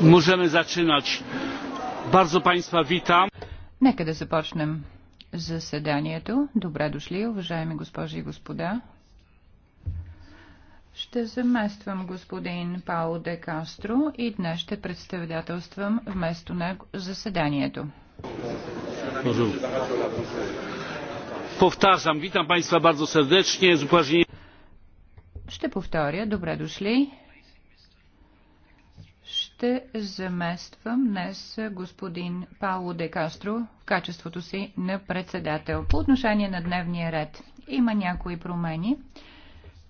Możemy zaczynać. Bardzo Państwa witam. Нека да започнем заседанието. Добре дошли, уважаеми госпожи и господа. Ще замествам господин Пао де Кастро и днес ще представителствам вместо него заседанието. Повтарям, witam Państwa bardzo serdecznie. Ще повторя, добре дошли ще замествам днес господин Пауло Де Кастро в качеството си на председател. По отношение на дневния ред има някои промени,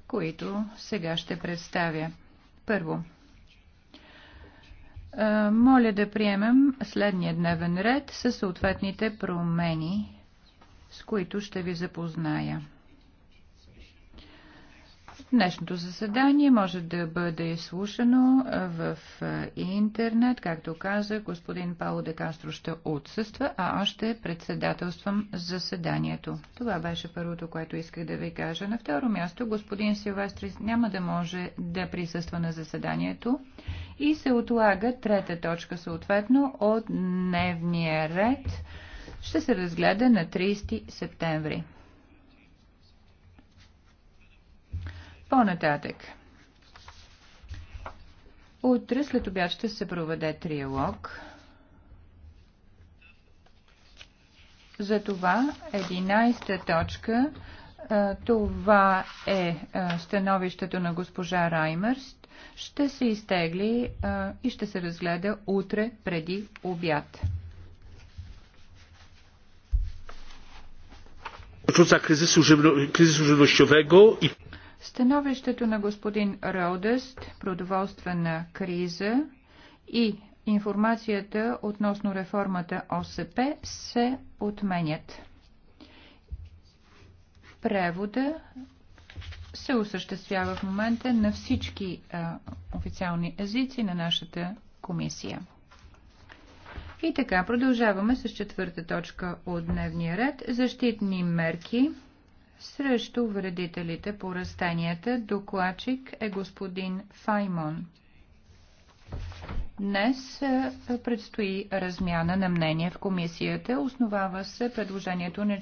които сега ще представя. Първо, моля да приемем следния дневен ред със съответните промени, с които ще ви запозная. Днешното заседание може да бъде слушано в интернет. Както каза, господин Пауло де Кастро ще отсъства, а аз ще председателствам заседанието. Това беше първото, което исках да ви кажа. На второ място, господин Силвестрис няма да може да присъства на заседанието и се отлага трета точка съответно от дневния ред. Ще се разгледа на 30 септември. По-нататък. Утре след обяд ще се проведе триалог. Затова 11-та точка, това е становището на госпожа Раймърст. ще се изтегли и ще се разгледа утре преди обяд. Кризису, кризису żywnościowego и... Становището на господин Родъст, продоволствена криза и информацията относно реформата ОСП се отменят. Превода се осъществява в момента на всички а, официални езици на нашата комисия. И така, продължаваме с четвърта точка от дневния ред. Защитни мерки срещу вредителите по растенията. Докладчик е господин Файмон. Днес е, предстои размяна на мнение в комисията. Основава се предложението на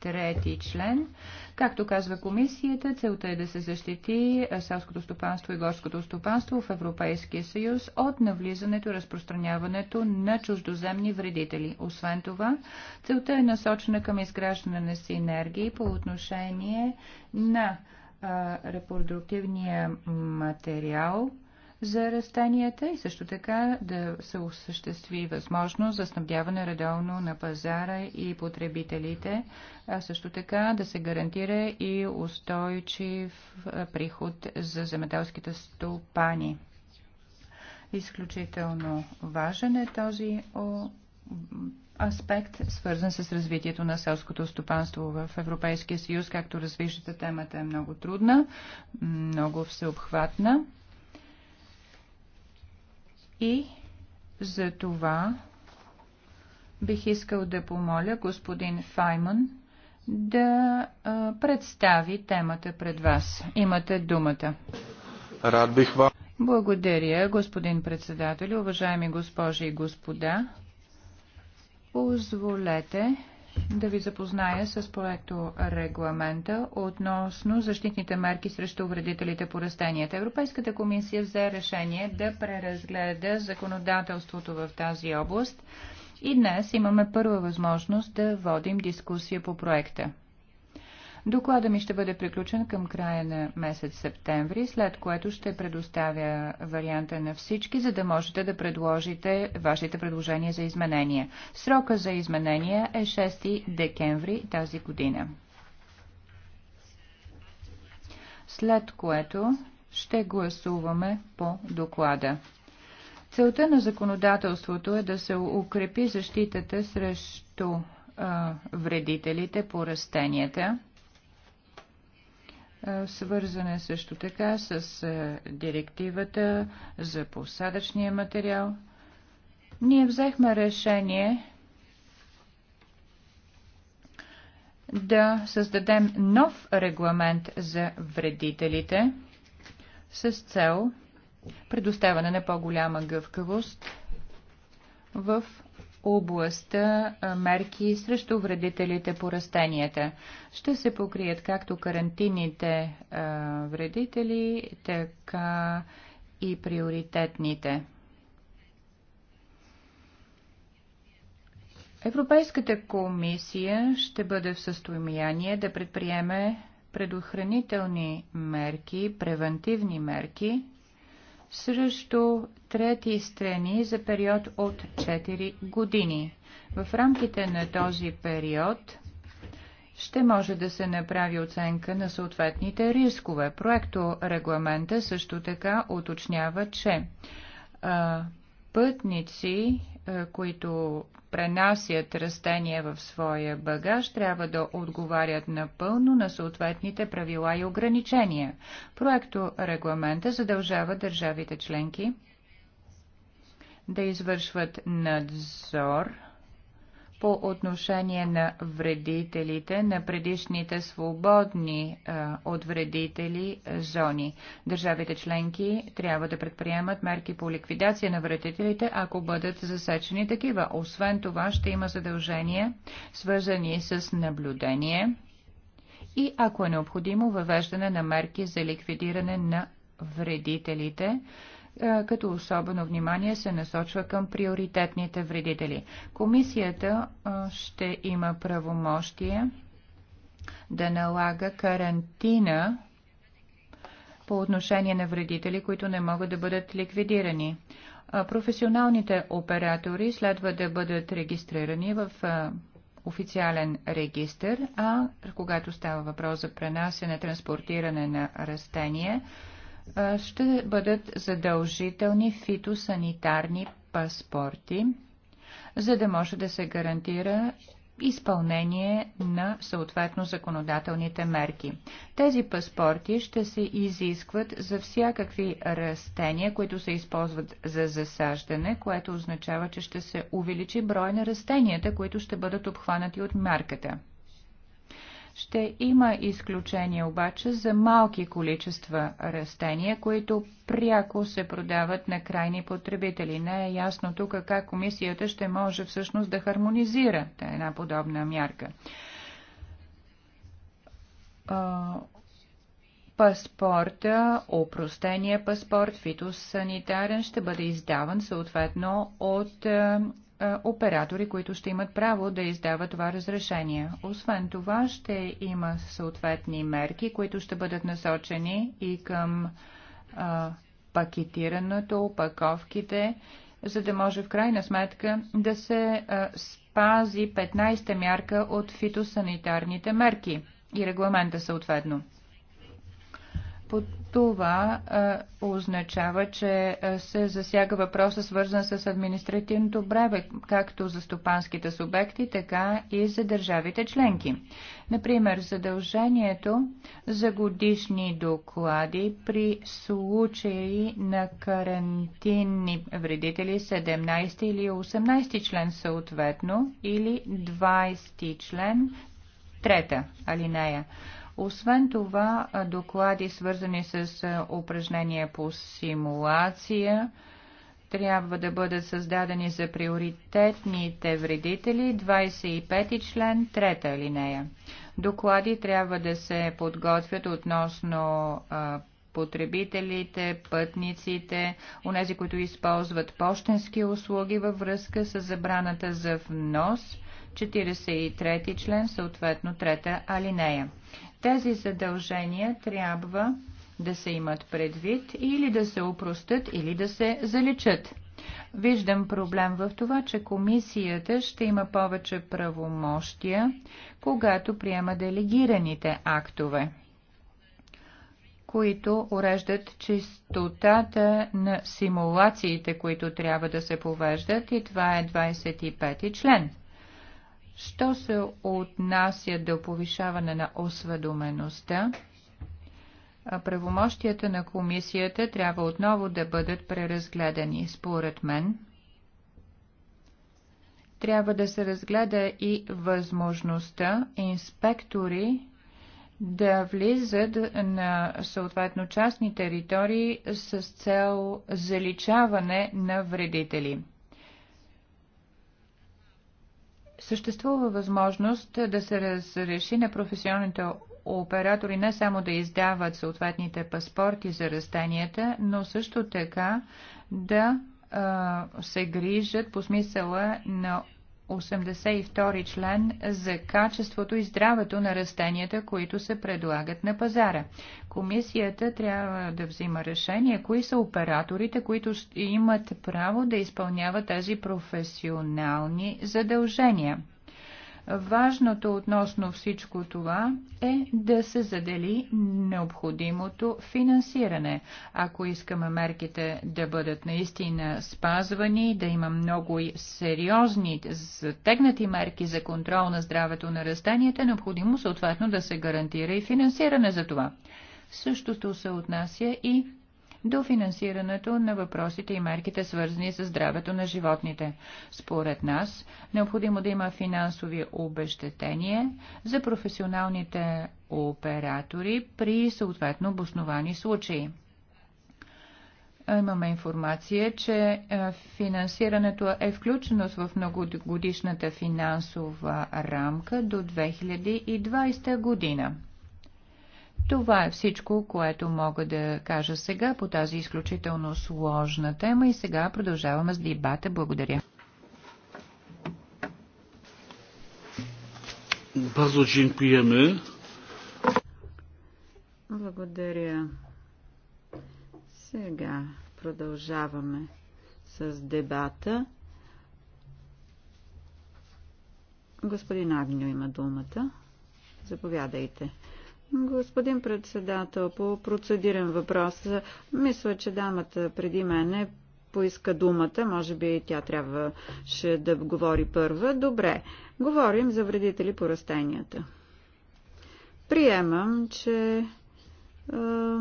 трети член. Както казва комисията, целта е да се защити селското стопанство и горското стопанство в Европейския съюз от навлизането и разпространяването на чуждоземни вредители. Освен това, целта е насочена към изграждане на синергии по отношение на репродуктивния материал, за растенията и също така да се осъществи възможност за снабдяване редовно на пазара и потребителите, а също така да се гарантира и устойчив приход за земеделските стопани. Изключително важен е този аспект, свързан с развитието на селското стопанство в Европейския съюз. Както развиждате, темата е много трудна, много всеобхватна и за това бих искал да помоля господин Файман да а, представи темата пред вас. Имате думата. Рад бих вам. Благодаря, господин председател, уважаеми госпожи и господа. Позволете да ви запозная с проекто регламента относно защитните мерки срещу вредителите по растенията. Европейската комисия взе решение да преразгледа законодателството в тази област и днес имаме първа възможност да водим дискусия по проекта. Доклада ми ще бъде приключен към края на месец септември, след което ще предоставя варианта на всички, за да можете да предложите вашите предложения за изменения. Срока за изменения е 6 декември тази година. След което ще гласуваме по доклада. Целта на законодателството е да се укрепи защитата срещу а, вредителите по растенията е, свързане също така с е, директивата за посадъчния материал. Ние взехме решение да създадем нов регламент за вредителите с цел предоставяне на по-голяма гъвкавост в областта мерки срещу вредителите по растенията. Ще се покрият както карантинните вредители, така и приоритетните. Европейската комисия ще бъде в състояние да предприеме предохранителни мерки, превентивни мерки, срещу трети страни за период от 4 години. В рамките на този период ще може да се направи оценка на съответните рискове. Проекто регламента също така уточнява, че а, пътници, а, които пренасят растения в своя багаж, трябва да отговарят напълно на съответните правила и ограничения. Проекто регламента задължава държавите членки да извършват надзор – по отношение на вредителите на предишните свободни а, е, от вредители е, зони. Държавите членки трябва да предприемат мерки по ликвидация на вредителите, ако бъдат засечени такива. Освен това ще има задължения, свързани с наблюдение и, ако е необходимо, въвеждане на мерки за ликвидиране на вредителите е, като особено внимание се насочва към приоритетните вредители. Комисията е, ще има правомощие да налага карантина по отношение на вредители, които не могат да бъдат ликвидирани. Е, професионалните оператори следва да бъдат регистрирани в официален регистр, а когато става въпрос за пренасене, транспортиране на растения, ще бъдат задължителни фитосанитарни паспорти, за да може да се гарантира изпълнение на съответно законодателните мерки. Тези паспорти ще се изискват за всякакви растения, които се използват за засаждане, което означава, че ще се увеличи брой на растенията, които ще бъдат обхванати от марката. Ще има изключение обаче за малки количества растения, които пряко се продават на крайни потребители. Не е ясно тук как комисията ще може всъщност да хармонизира една подобна мярка паспорта, опростения паспорт, фитосанитарен, ще бъде издаван съответно от е, оператори, които ще имат право да издава това разрешение. Освен това, ще има съответни мерки, които ще бъдат насочени и към а, е, пакетирането, опаковките, за да може в крайна сметка да се а, е, спази 15-та мярка от фитосанитарните мерки и регламента съответно. По това а, означава, че се засяга въпроса свързан с административното бреме, както за стопанските субекти, така и за държавите членки. Например, задължението за годишни доклади при случаи на карантинни вредители 17 или 18 член съответно или 20 член трета алинея. Освен това, доклади свързани с упражнения по симулация трябва да бъдат създадени за приоритетните вредители 25 член 3 алинея. Доклади трябва да се подготвят относно потребителите, пътниците, онези, които използват почтенски услуги във връзка с забраната за внос, 43 член, съответно трета алинея. Тези задължения трябва да се имат предвид или да се упростят, или да се заличат. Виждам проблем в това, че комисията ще има повече правомощия, когато приема делегираните актове, които уреждат чистотата на симулациите, които трябва да се повеждат и това е 25 член. Що се отнася до повишаване на осведомеността, правомощията на комисията трябва отново да бъдат преразгледани, според мен. Трябва да се разгледа и възможността инспектори да влизат на съответно частни територии с цел заличаване на вредители съществува възможност да се разреши на професионалните оператори не само да издават съответните паспорти за растенията, но също така да се грижат по смисъла на 82 член за качеството и здравето на растенията, които се предлагат на пазара. Комисията трябва да взима решение, кои са операторите, които имат право да изпълняват тези професионални задължения. Важното относно всичко това е да се задели необходимото финансиране. Ако искаме мерките да бъдат наистина спазвани, да има много сериозни затегнати мерки за контрол на здравето на растенията, е необходимо съответно да се гарантира и финансиране за това. Същото се отнася и до финансирането на въпросите и мерките, свързани с здравето на животните. Според нас, необходимо да има финансови обещетения за професионалните оператори при съответно обосновани случаи имаме информация, че финансирането е включено в многогодишната финансова рамка до 2020 година. Това е всичко, което мога да кажа сега по тази изключително сложна тема и сега продължаваме с дебата. Благодаря. Bardzo dziękujemy. Благодаря. Сега продължаваме с дебата. Господин Агньо има думата. Заповядайте. Господин председател, по процедирен въпрос, мисля, че дамата преди мене поиска думата, може би тя трябваше да говори първа. Добре, говорим за вредители по растенията. Приемам, че. Е,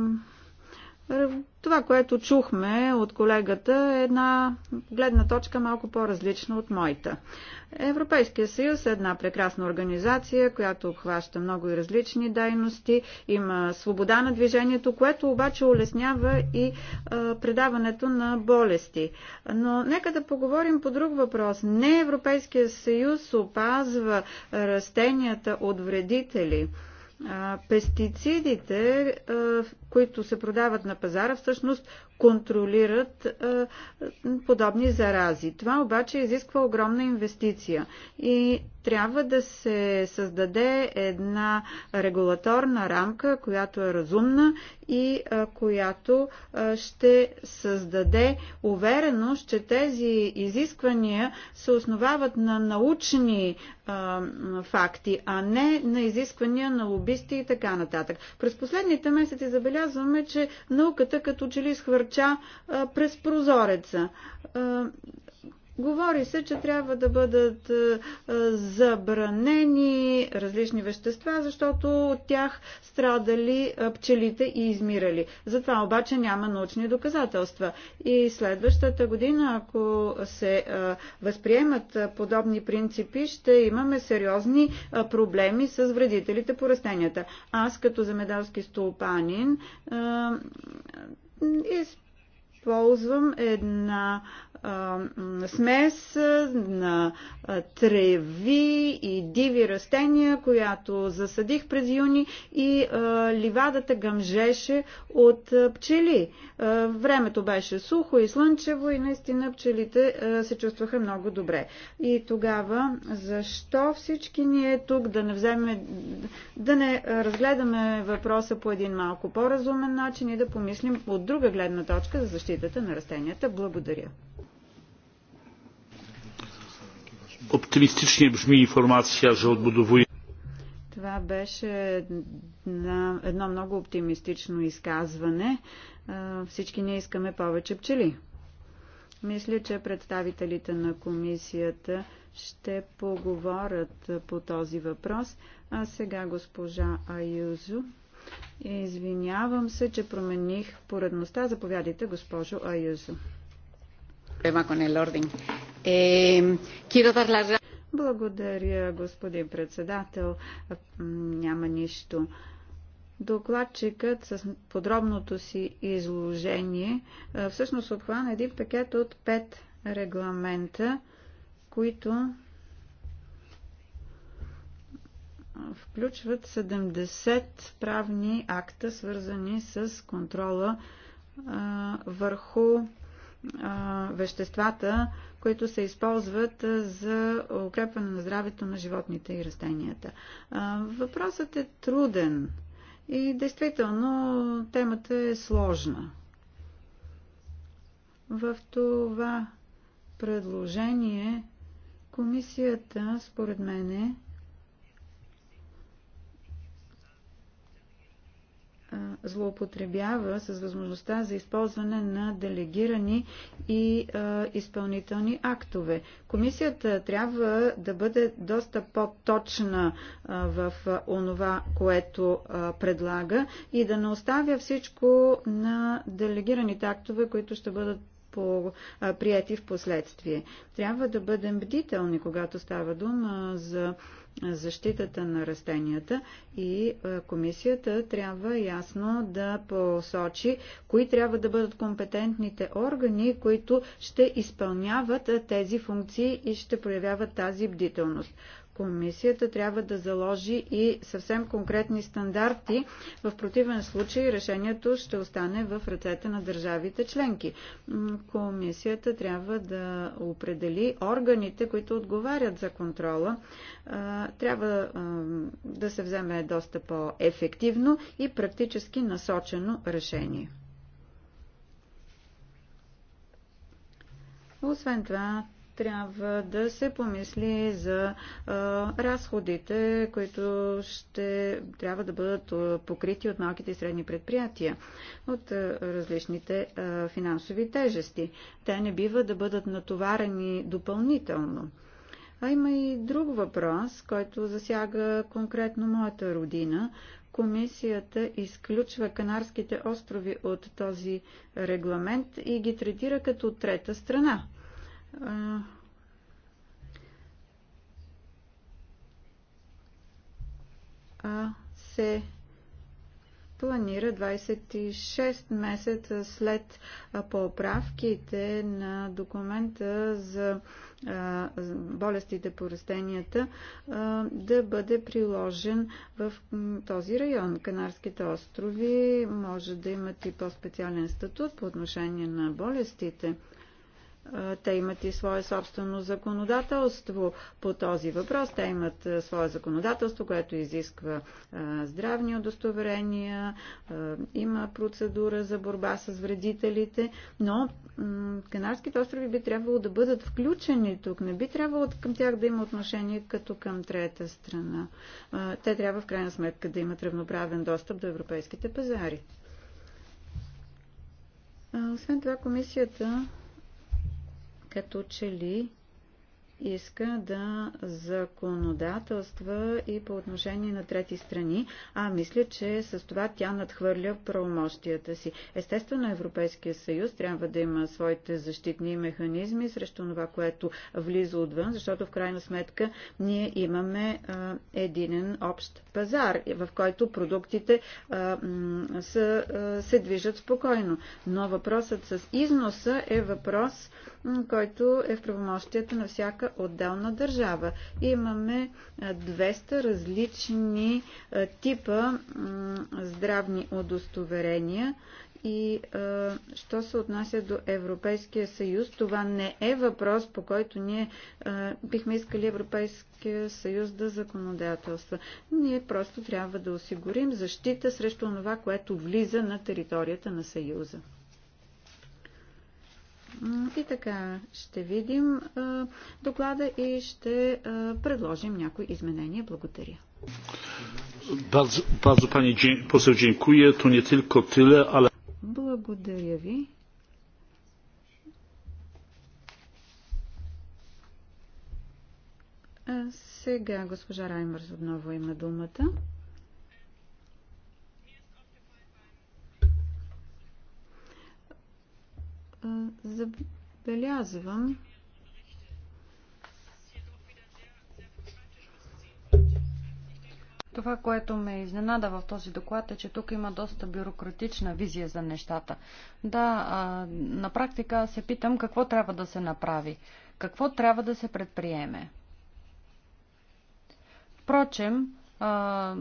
това, което чухме от колегата, е една гледна точка малко по-различна от моята. Европейския съюз е една прекрасна организация, която обхваща много и различни дейности, има свобода на движението, което обаче улеснява и а, предаването на болести. Но нека да поговорим по друг въпрос. Не Европейския съюз опазва растенията от вредители. Пестицидите които се продават на пазара, всъщност контролират е, подобни зарази. Това обаче изисква огромна инвестиция и трябва да се създаде една регулаторна рамка, която е разумна и е, която е, ще създаде увереност, че тези изисквания се основават на научни е, факти, а не на изисквания на лобисти и така нататък. През последните месеци забелязваме, забелязваме, че науката като че ли изхвърча през прозореца. Говори се, че трябва да бъдат е, забранени различни вещества, защото от тях страдали е, пчелите и измирали. Затова обаче няма научни доказателства. И следващата година, ако се е, възприемат подобни принципи, ще имаме сериозни проблеми с вредителите по растенията. Аз като земеделски столпанин използвам една а, смес на треви и диви растения, която засадих през юни и а, ливадата гъмжеше от пчели. А, времето беше сухо и слънчево и наистина пчелите а, се чувстваха много добре. И тогава, защо всички ние тук да не вземе, да не разгледаме въпроса по един малко по-разумен начин и да помислим от друга гледна точка за защита видата на растенията. Благодаря. Оптимистични бжми информация за отбудовуя. Това беше едно много оптимистично изказване. Всички ние искаме повече пчели. Мисля, че представителите на комисията ще поговорят по този въпрос. А сега госпожа Аюзо. Извинявам се, че промених поредността. Заповядайте, госпожо Аюзо. Благодаря, господин председател. Няма нищо. Докладчикът с подробното си изложение всъщност обхвана един пакет от пет регламента, които включват 70 правни акта, свързани с контрола върху веществата, които се използват за укрепване на здравето на животните и растенията. Въпросът е труден и действително темата е сложна. В това предложение комисията, според мен, злоупотребява с възможността за използване на делегирани и а, изпълнителни актове. Комисията трябва да бъде доста по-точна в а, онова, което а, предлага и да не оставя всичко на делегираните актове, които ще бъдат по, а, прияти в последствие. Трябва да бъдем бдителни, когато става дума за защитата на растенията и комисията трябва ясно да посочи кои трябва да бъдат компетентните органи, които ще изпълняват тези функции и ще проявяват тази бдителност комисията трябва да заложи и съвсем конкретни стандарти. В противен случай решението ще остане в ръцете на държавите членки. Комисията трябва да определи органите, които отговарят за контрола. Трябва да се вземе доста по-ефективно и практически насочено решение. Освен това, трябва да се помисли за а, разходите, които ще трябва да бъдат покрити от малките и средни предприятия, от а, различните а, финансови тежести. Те не бива да бъдат натоварени допълнително. А има и друг въпрос, който засяга конкретно моята родина. Комисията изключва Канарските острови от този регламент и ги третира като трета страна а се планира 26 месеца след поправките на документа за болестите по растенията да бъде приложен в този район. Канарските острови може да имат и по-специален статут по отношение на болестите. Те имат и свое собствено законодателство по този въпрос. Те имат свое законодателство, което изисква здравни удостоверения, има процедура за борба с вредителите, но Канарските острови би трябвало да бъдат включени тук. Не би трябвало към тях да има отношение като към трета страна. Те трябва в крайна сметка да имат равноправен достъп до европейските пазари. Освен това, комисията като че ли иска да законодателства и по отношение на трети страни, а мисля, че с това тя надхвърля правомощията си. Естествено, Европейския съюз трябва да има своите защитни механизми срещу това, което влиза отвън, защото в крайна сметка ние имаме единен общ пазар, в който продуктите се движат спокойно. Но въпросът с износа е въпрос, който е в правомощията на всяка всяка отделна държава. Имаме 200 различни типа здравни удостоверения и що се отнася до Европейския съюз, това не е въпрос, по който ние бихме искали Европейския съюз да законодателства. Ние просто трябва да осигурим защита срещу това, което влиза на територията на съюза. И така, ще видим доклада и ще предложим някои изменения. Благодаря. Bardzo, bardzo pani poseł dziękuję. To nie tylko tyle, ale... Благодаря ви. сега госпожа Раймърс отново има думата. забелязвам, Това, което ме изненада в този доклад е, че тук има доста бюрократична визия за нещата. Да, на практика се питам какво трябва да се направи, какво трябва да се предприеме. Впрочем, а,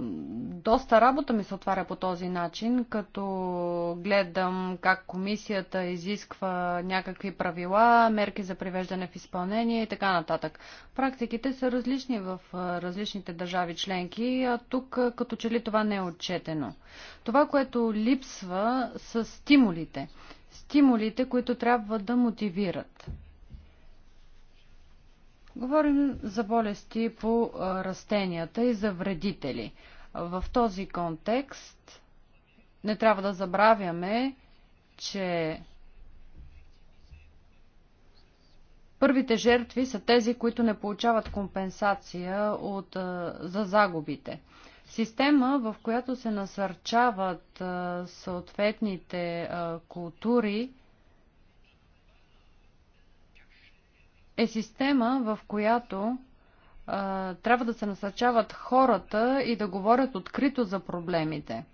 доста работа ми се отваря по този начин, като гледам как комисията изисква някакви правила, мерки за привеждане в изпълнение и така нататък. Практиките са различни в различните държави членки, а тук като че ли това не е отчетено. Това, което липсва, са стимулите. Стимулите, които трябва да мотивират. Говорим за болести по растенията и за вредители. В този контекст не трябва да забравяме, че първите жертви са тези, които не получават компенсация от, за загубите. Система, в която се насърчават съответните култури, е система, в която а, трябва да се насърчават хората и да говорят открито за проблемите.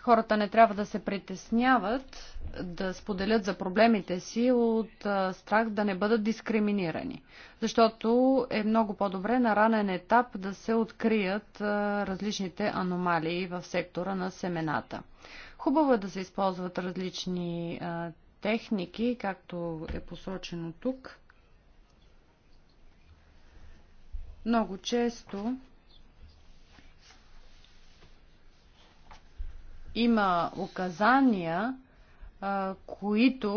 Хората не трябва да се притесняват да споделят за проблемите си от а, страх да не бъдат дискриминирани. Защото е много по-добре на ранен етап да се открият а, различните аномалии в сектора на семената. Хубаво е да се използват различни а, техники, както е посочено тук, много често има указания, които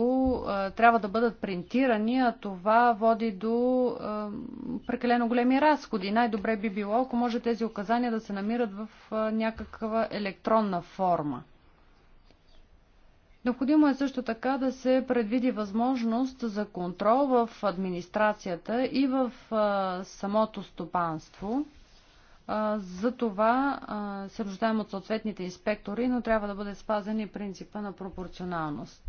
трябва да бъдат принтирани, а това води до прекалено големи разходи. Най-добре би било, ако може тези указания да се намират в някаква електронна форма. Необходимо е също така да се предвиди възможност за контрол в администрацията и в самото стопанство. За това се нуждаем от съответните инспектори, но трябва да бъде спазен и принципа на пропорционалност.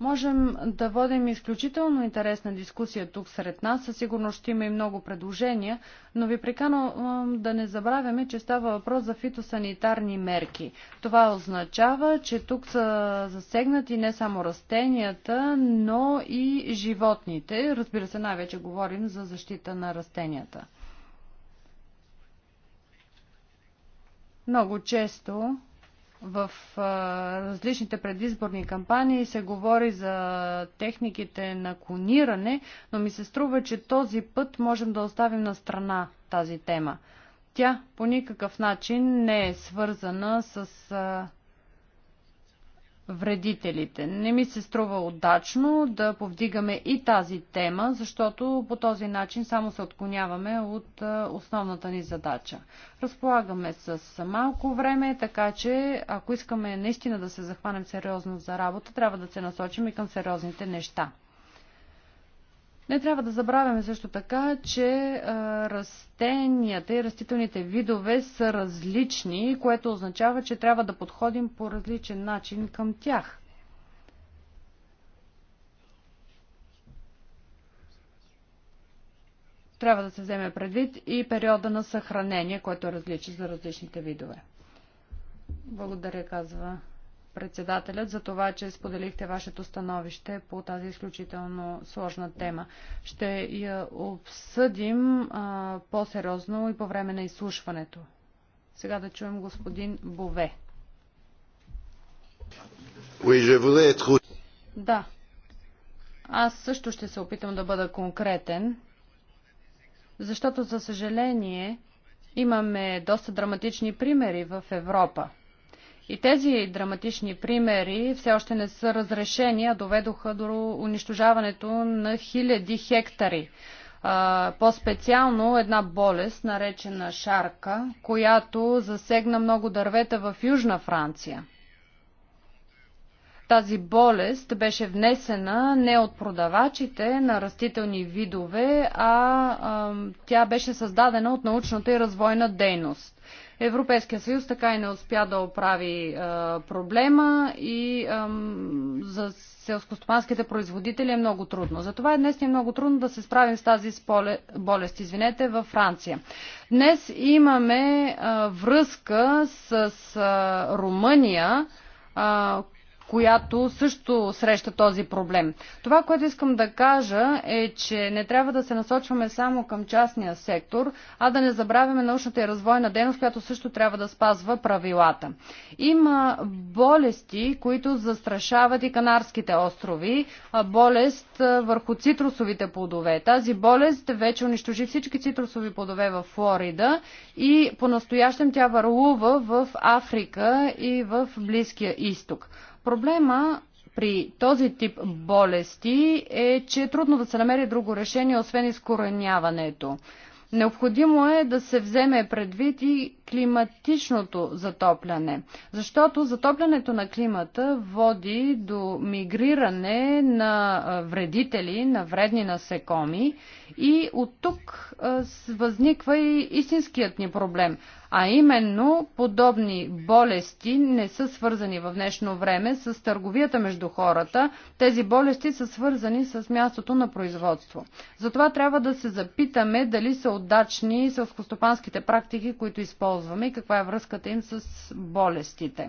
Можем да водим изключително интересна дискусия тук сред нас. Със сигурност ще има и много предложения, но ви приканвам да не забравяме, че става въпрос за фитосанитарни мерки. Това означава, че тук са засегнати не само растенията, но и животните. Разбира се, най-вече говорим за защита на растенията. Много често в а, различните предизборни кампании се говори за техниките на клониране, но ми се струва, че този път можем да оставим на страна тази тема. Тя по никакъв начин не е свързана с а, вредителите. Не ми се струва удачно да повдигаме и тази тема, защото по този начин само се отклоняваме от основната ни задача. Разполагаме с малко време, така че ако искаме наистина да се захванем сериозно за работа, трябва да се насочим и към сериозните неща. Не трябва да забравяме също така, че растенията и растителните видове са различни, което означава, че трябва да подходим по различен начин към тях. Трябва да се вземе предвид и периода на съхранение, което е различен за различните видове. Благодаря, казва председателят за това, че споделихте вашето становище по тази изключително сложна тема. Ще я обсъдим по-сериозно и по време на изслушването. Сега да чуем господин Бове. Да. Аз също ще се опитам да бъда конкретен, защото, за съжаление, имаме доста драматични примери в Европа. И тези драматични примери все още не са разрешени, а доведоха до унищожаването на хиляди хектари. По-специално една болест, наречена шарка, която засегна много дървета в Южна Франция. Тази болест беше внесена не от продавачите на растителни видове, а, а тя беше създадена от научната и развойна дейност. Европейския съюз така и не успя да оправи а, е, проблема и а, за селскостопанските производители е много трудно. Затова е днес е много трудно да се справим с тази болест извинете, във Франция. Днес имаме а, е, връзка с а, е, Румъния, а, която също среща този проблем. Това, което искам да кажа е, че не трябва да се насочваме само към частния сектор, а да не забравяме научната и развойна дейност, която също трябва да спазва правилата. Има болести, които застрашават и Канарските острови, болест върху цитрусовите плодове. Тази болест вече унищожи всички цитрусови плодове в Флорида и по-настоящем тя върлува в Африка и в Близкия изток. Проблема при този тип болести е, че е трудно да се намери друго решение, освен изкореняването. Необходимо е да се вземе предвид и климатичното затопляне. Защото затоплянето на климата води до мигриране на вредители, на вредни насекоми и от тук възниква и истинският ни проблем. А именно, подобни болести не са свързани в днешно време с търговията между хората. Тези болести са свързани с мястото на производство. Затова трябва да се запитаме дали са удачни селскостопанските практики, които използват използваме и каква е връзката им с болестите.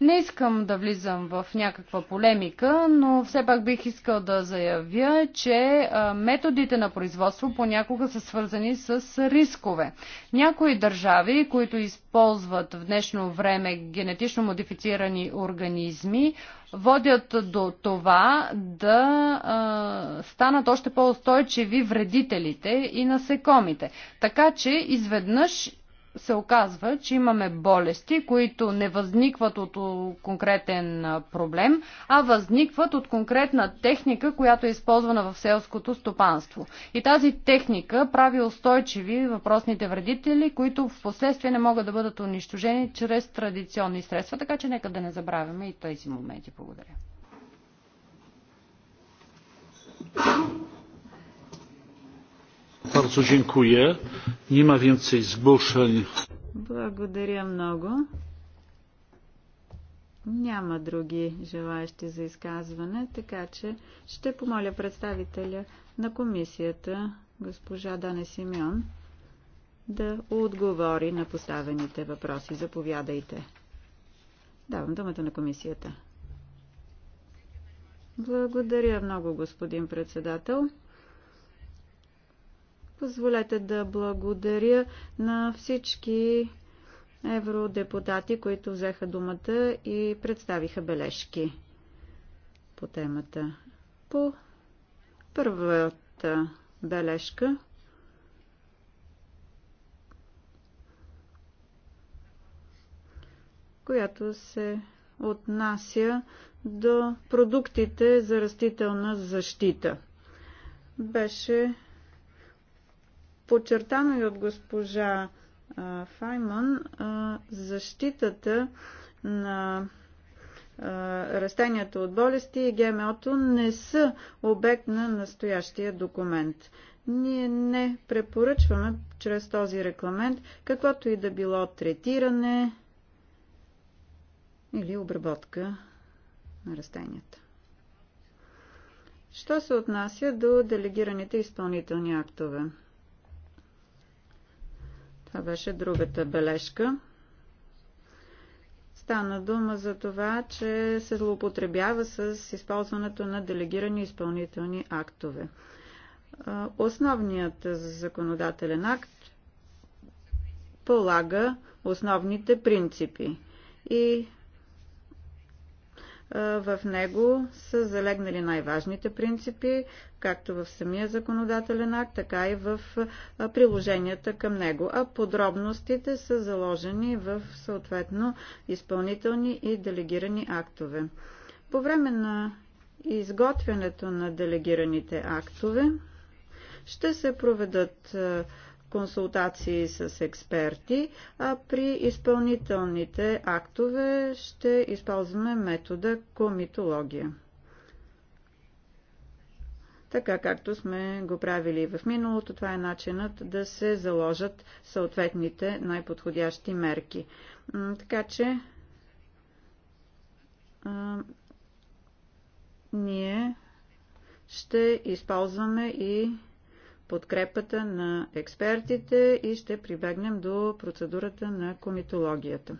Не искам да влизам в някаква полемика, но все пак бих искал да заявя, че методите на производство понякога са свързани с рискове. Някои държави, които използват в днешно време генетично модифицирани организми, водят до това да а, станат още по-устойчиви вредителите и насекомите. Така че изведнъж се оказва, че имаме болести, които не възникват от конкретен проблем, а възникват от конкретна техника, която е използвана в селското стопанство. И тази техника прави устойчиви въпросните вредители, които в последствие не могат да бъдат унищожени чрез традиционни средства, така че нека да не забравяме и тези моменти. Благодаря. Bardzo dziękuję. Nie ma więcej zgłoszeń. Благодаря много. Няма други желаящи за изказване, така че ще помоля представителя на комисията, госпожа Дане Симеон, да отговори на поставените въпроси. Заповядайте. Давам думата на комисията. Благодаря много, господин председател. Позволете да благодаря на всички евродепутати, които взеха думата и представиха бележки по темата. По първата бележка която се отнася до продуктите за растителна защита. Беше подчертано и от госпожа Файман, защитата на растенията от болести и ГМО-то не са обект на настоящия документ. Ние не препоръчваме чрез този рекламент каквото и да било третиране или обработка на растенията. Що се отнася до делегираните изпълнителни актове? Това беше другата бележка. Стана дума за това, че се злоупотребява с използването на делегирани изпълнителни актове. Основният законодателен акт полага основните принципи и в него са залегнали най-важните принципи, както в самия законодателен акт, така и в приложенията към него. А подробностите са заложени в съответно изпълнителни и делегирани актове. По време на изготвянето на делегираните актове ще се проведат консултации с експерти, а при изпълнителните актове ще използваме метода комитология. Така както сме го правили и в миналото, това е начинът да се заложат съответните най-подходящи мерки. Така че а, ние ще използваме и подкрепата на експертите и ще прибегнем до процедурата на комитологията.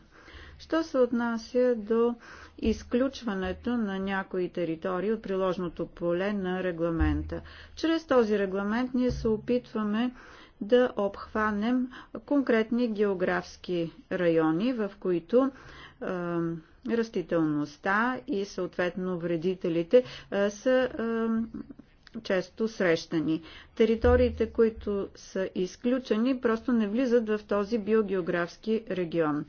Що се отнася до изключването на някои територии от приложното поле на регламента? Чрез този регламент ние се опитваме да обхванем конкретни географски райони, в които е, растителността и съответно вредителите е, са е, често срещани. Териториите, които са изключени, просто не влизат в този биогеографски регион.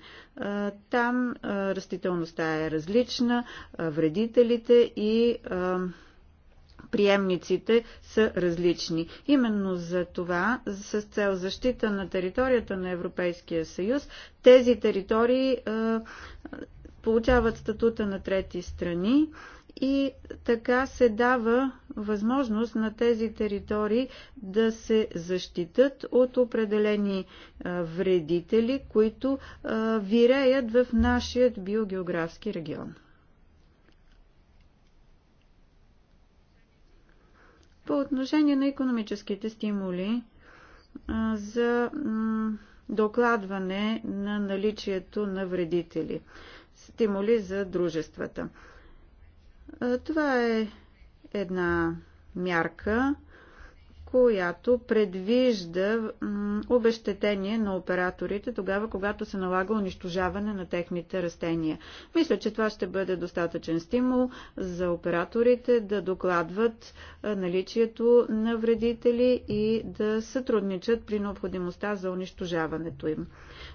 Там растителността е различна, вредителите и приемниците са различни. Именно за това, с цел защита на територията на Европейския съюз, тези територии получават статута на трети страни и така се дава възможност на тези територии да се защитат от определени вредители, които виреят в нашия биогеографски регион. По отношение на економическите стимули за докладване на наличието на вредители, стимули за дружествата. Това е една мярка, която предвижда обещетение на операторите тогава, когато се налага унищожаване на техните растения. Мисля, че това ще бъде достатъчен стимул за операторите да докладват наличието на вредители и да сътрудничат при необходимостта за унищожаването им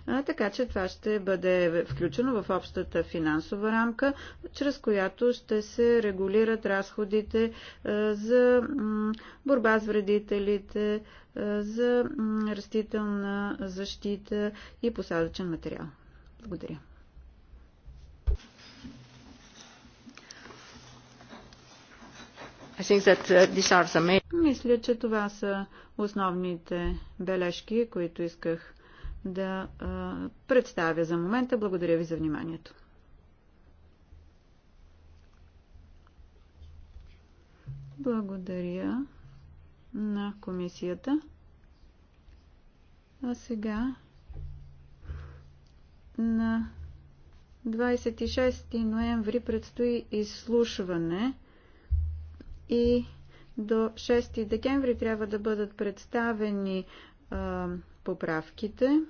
така че това ще бъде включено в общата финансова рамка, чрез която ще се регулират разходите за борба с вредителите, за растителна защита и посадъчен материал. Благодаря. Uh, Мисля, че това са основните бележки, които исках да а, представя за момента. Благодаря ви за вниманието. Благодаря на комисията. А сега на 26 ноември предстои изслушване и до 6 декември трябва да бъдат представени а, поправките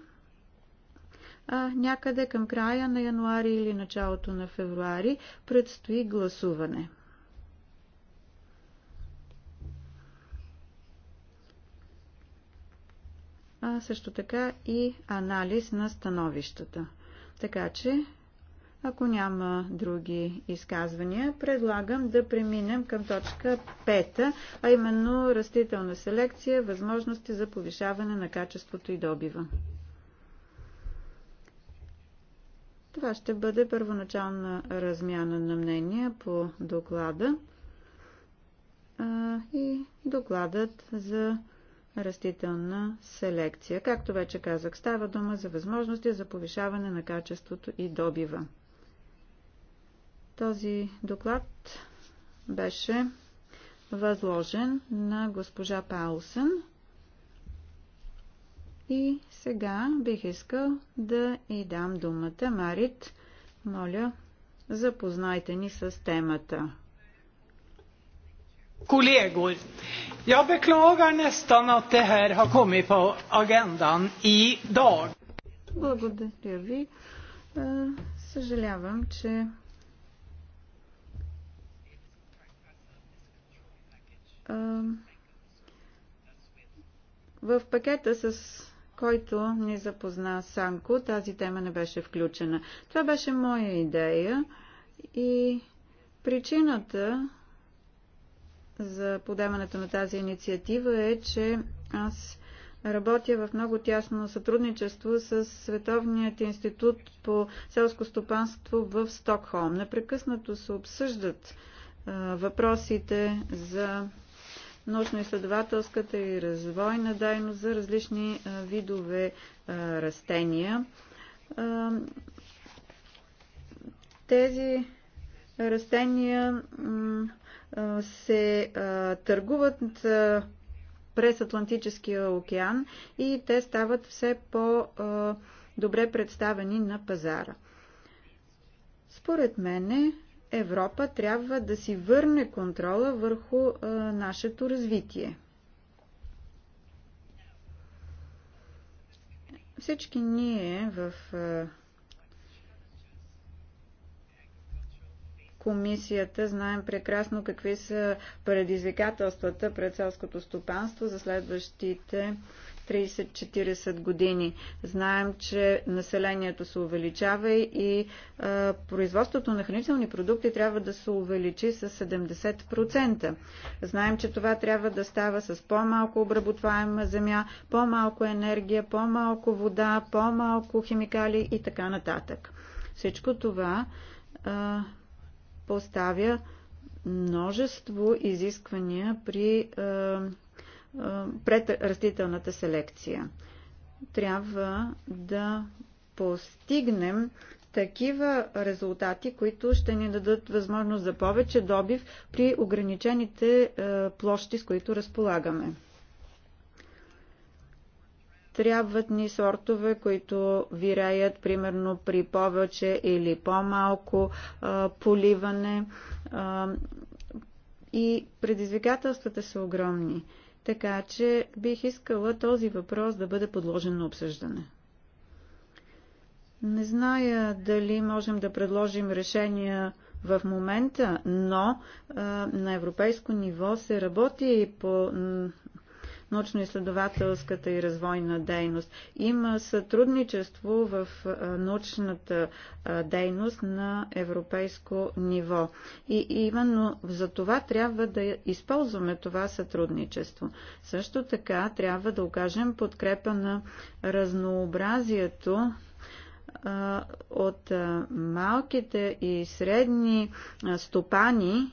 а, някъде към края на януари или началото на февруари предстои гласуване. А също така и анализ на становищата. Така че, ако няма други изказвания, предлагам да преминем към точка 5, а именно растителна селекция, възможности за повишаване на качеството и добива. Това ще бъде първоначална размяна на мнения по доклада а, и докладът за растителна селекция. Както вече казах, става дума за възможности за повишаване на качеството и добива. Този доклад беше възложен на госпожа Паулсън, и сега бих искал да и дам думата. Марит, моля, запознайте ни с темата. Kollegor, jag не nästan att det här har kommit på agendan idag. Благодаря ви. Съжалявам, че в пакета с който ни запозна Санко, тази тема не беше включена. Това беше моя идея и причината за подаването на тази инициатива е, че аз работя в много тясно сътрудничество с Световният институт по селско стопанство в Стокхолм. Непрекъснато се обсъждат въпросите за научно-изследователската и развойна дайност за различни видове растения. Тези растения се търгуват през Атлантическия океан и те стават все по-добре представени на пазара. Според мене Европа трябва да си върне контрола върху а, нашето развитие. Всички ние в а, комисията знаем прекрасно какви са предизвикателствата пред селското стопанство за следващите 30-40 години. Знаем, че населението се увеличава и а, производството на хранителни продукти трябва да се увеличи с 70%. Знаем, че това трябва да става с по-малко обработваема земя, по-малко енергия, по-малко вода, по-малко химикали и така нататък. Всичко това а, поставя множество изисквания при а, пред растителната селекция. Трябва да постигнем такива резултати, които ще ни дадат възможност за повече добив при ограничените площи, с които разполагаме. Трябват ни сортове, които виреят примерно при повече или по-малко поливане. А, и предизвикателствата са огромни. Така че бих искала този въпрос да бъде подложен на обсъждане. Не зная дали можем да предложим решения в момента, но а, на европейско ниво се работи по научно-изследователската и развойна дейност. Има сътрудничество в научната дейност на европейско ниво. И именно за това трябва да използваме това сътрудничество. Също така трябва да окажем подкрепа на разнообразието от малките и средни стопани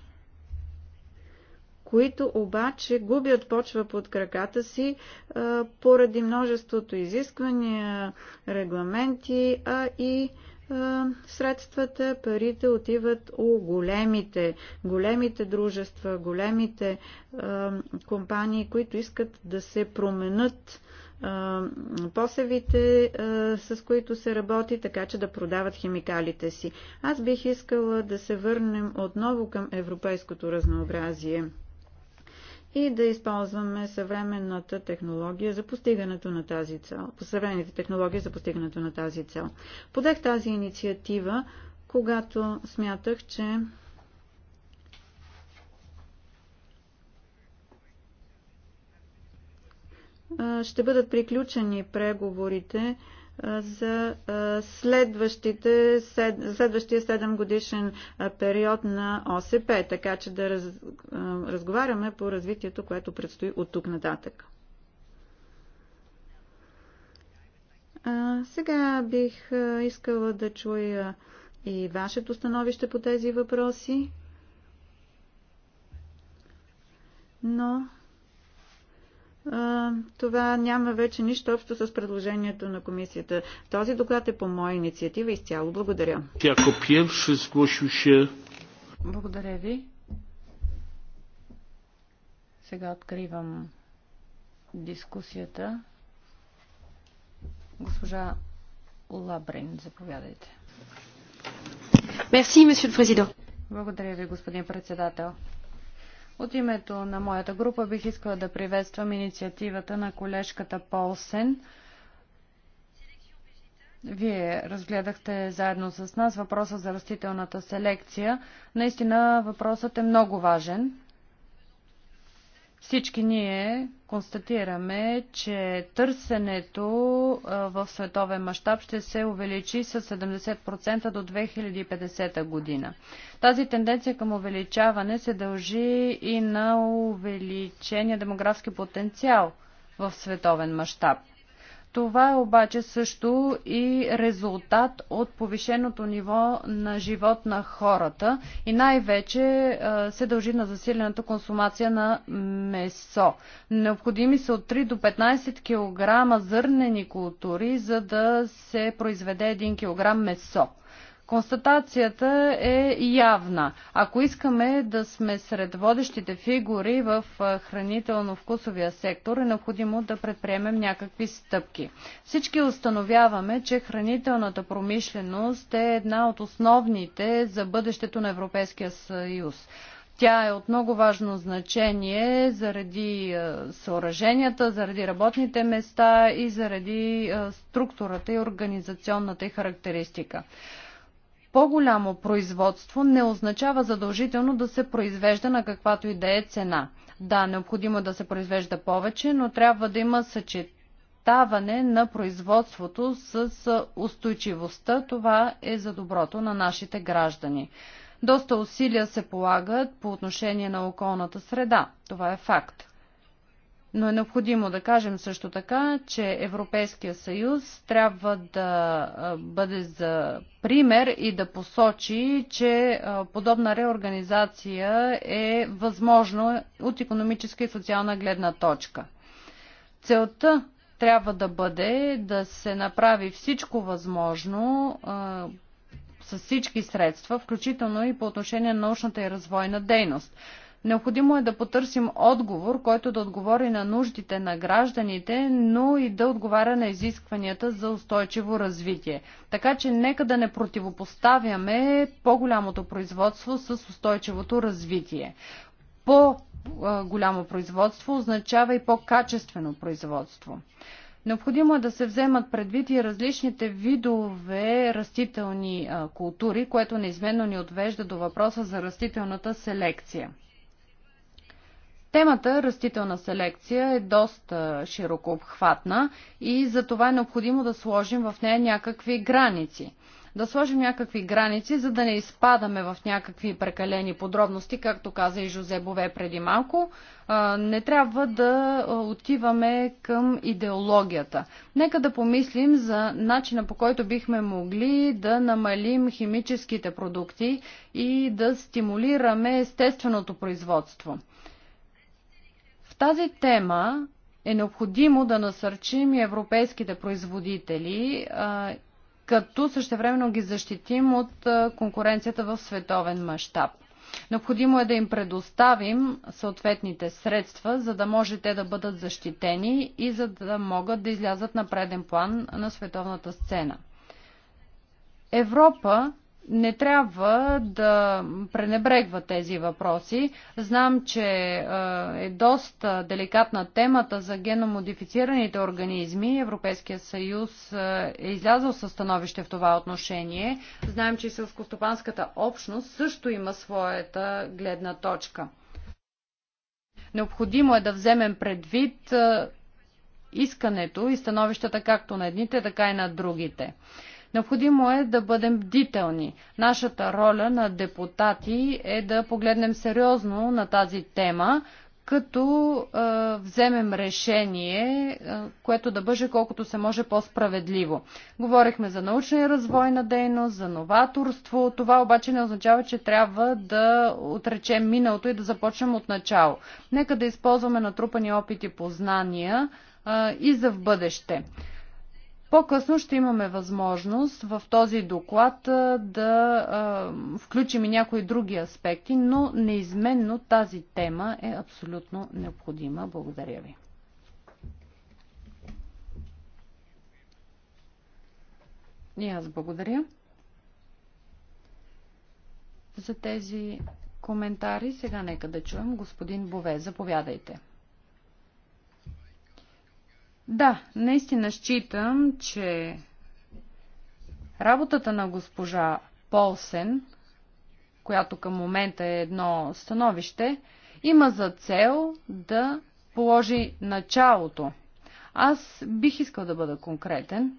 които обаче губят почва под краката си а, поради множеството изисквания, регламенти, а и а, средствата, парите отиват у големите, големите дружества, големите а, компании, които искат да се променят посевите, с които се работи, така че да продават химикалите си. Аз бих искала да се върнем отново към европейското разнообразие и да използваме съвременната технология за постигането на тази цел, съвременните технологии за постигането на тази цел. Подех тази инициатива, когато смятах, че ще бъдат приключени преговорите за следващите, следващия 7 годишен период на ОСП, така че да раз, разговаряме по развитието, което предстои от тук нататък. Сега бих искала да чуя и вашето становище по тези въпроси. Но това няма вече нищо общо с предложението на комисията. Този доклад е по моя инициатива изцяло. Благодаря. Благодаря ви. Сега откривам дискусията. Госпожа Лабрин, заповядайте. Мерси, месье президент. Благодаря ви, господин председател. От името на моята група бих искала да приветствам инициативата на колежката Полсен. Вие разгледахте заедно с нас въпроса за растителната селекция. Наистина въпросът е много важен. Всички ние констатираме, че търсенето в световен мащаб ще се увеличи с 70% до 2050 година. Тази тенденция към увеличаване се дължи и на увеличения демографски потенциал в световен мащаб. Това е обаче също и резултат от повишеното ниво на живот на хората и най-вече се дължи на засилената консумация на месо. Необходими са от 3 до 15 кг зърнени култури, за да се произведе 1 кг месо. Констатацията е явна. Ако искаме да сме сред водещите фигури в хранително-вкусовия сектор, е необходимо да предприемем някакви стъпки. Всички установяваме, че хранителната промишленост е една от основните за бъдещето на Европейския съюз. Тя е от много важно значение заради съоръженията, заради работните места и заради структурата и организационната и характеристика. По-голямо производство не означава задължително да се произвежда на каквато и да е цена. Да, необходимо е да се произвежда повече, но трябва да има съчетаване на производството с устойчивостта. Това е за доброто на нашите граждани. Доста усилия се полагат по отношение на околната среда. Това е факт. Но е необходимо да кажем също така, че Европейския съюз трябва да бъде за пример и да посочи, че подобна реорганизация е възможно от економическа и социална гледна точка. Целта трябва да бъде да се направи всичко възможно с всички средства, включително и по отношение на научната и развойна дейност. Необходимо е да потърсим отговор, който да отговори на нуждите на гражданите, но и да отговаря на изискванията за устойчиво развитие. Така че нека да не противопоставяме по-голямото производство с устойчивото развитие. По-голямо производство означава и по-качествено производство. Необходимо е да се вземат предвид и различните видове растителни култури, което неизменно ни отвежда до въпроса за растителната селекция. Темата растителна селекция е доста широко обхватна и за това е необходимо да сложим в нея някакви граници. Да сложим някакви граници, за да не изпадаме в някакви прекалени подробности, както каза и Жозе Бове преди малко. Не трябва да отиваме към идеологията. Нека да помислим за начина по който бихме могли да намалим химическите продукти и да стимулираме естественото производство тази тема е необходимо да насърчим и европейските производители, като същевременно ги защитим от конкуренцията в световен мащаб. Необходимо е да им предоставим съответните средства, за да може те да бъдат защитени и за да могат да излязат на преден план на световната сцена. Европа не трябва да пренебрегва тези въпроси. Знам, че е доста деликатна темата за геномодифицираните организми. Европейския съюз е излязъл със становище в това отношение. Знаем, че и селскостопанската общност също има своята гледна точка. Необходимо е да вземем предвид искането и становищата както на едните, така и на другите. Необходимо е да бъдем бдителни. Нашата роля на депутати е да погледнем сериозно на тази тема, като е, вземем решение, е, което да бъде колкото се може по-справедливо. Говорихме за научна и развойна дейност, за новаторство. Това обаче не означава, че трябва да отречем миналото и да започнем от начало. Нека да използваме натрупани опити и познания е, и за в бъдеще. По-късно ще имаме възможност в този доклад да включим и някои други аспекти, но неизменно тази тема е абсолютно необходима. Благодаря ви. И аз благодаря за тези коментари. Сега нека да чуем господин Бове. Заповядайте. Да, наистина считам, че работата на госпожа Полсен, която към момента е едно становище, има за цел да положи началото. Аз бих искал да бъда конкретен.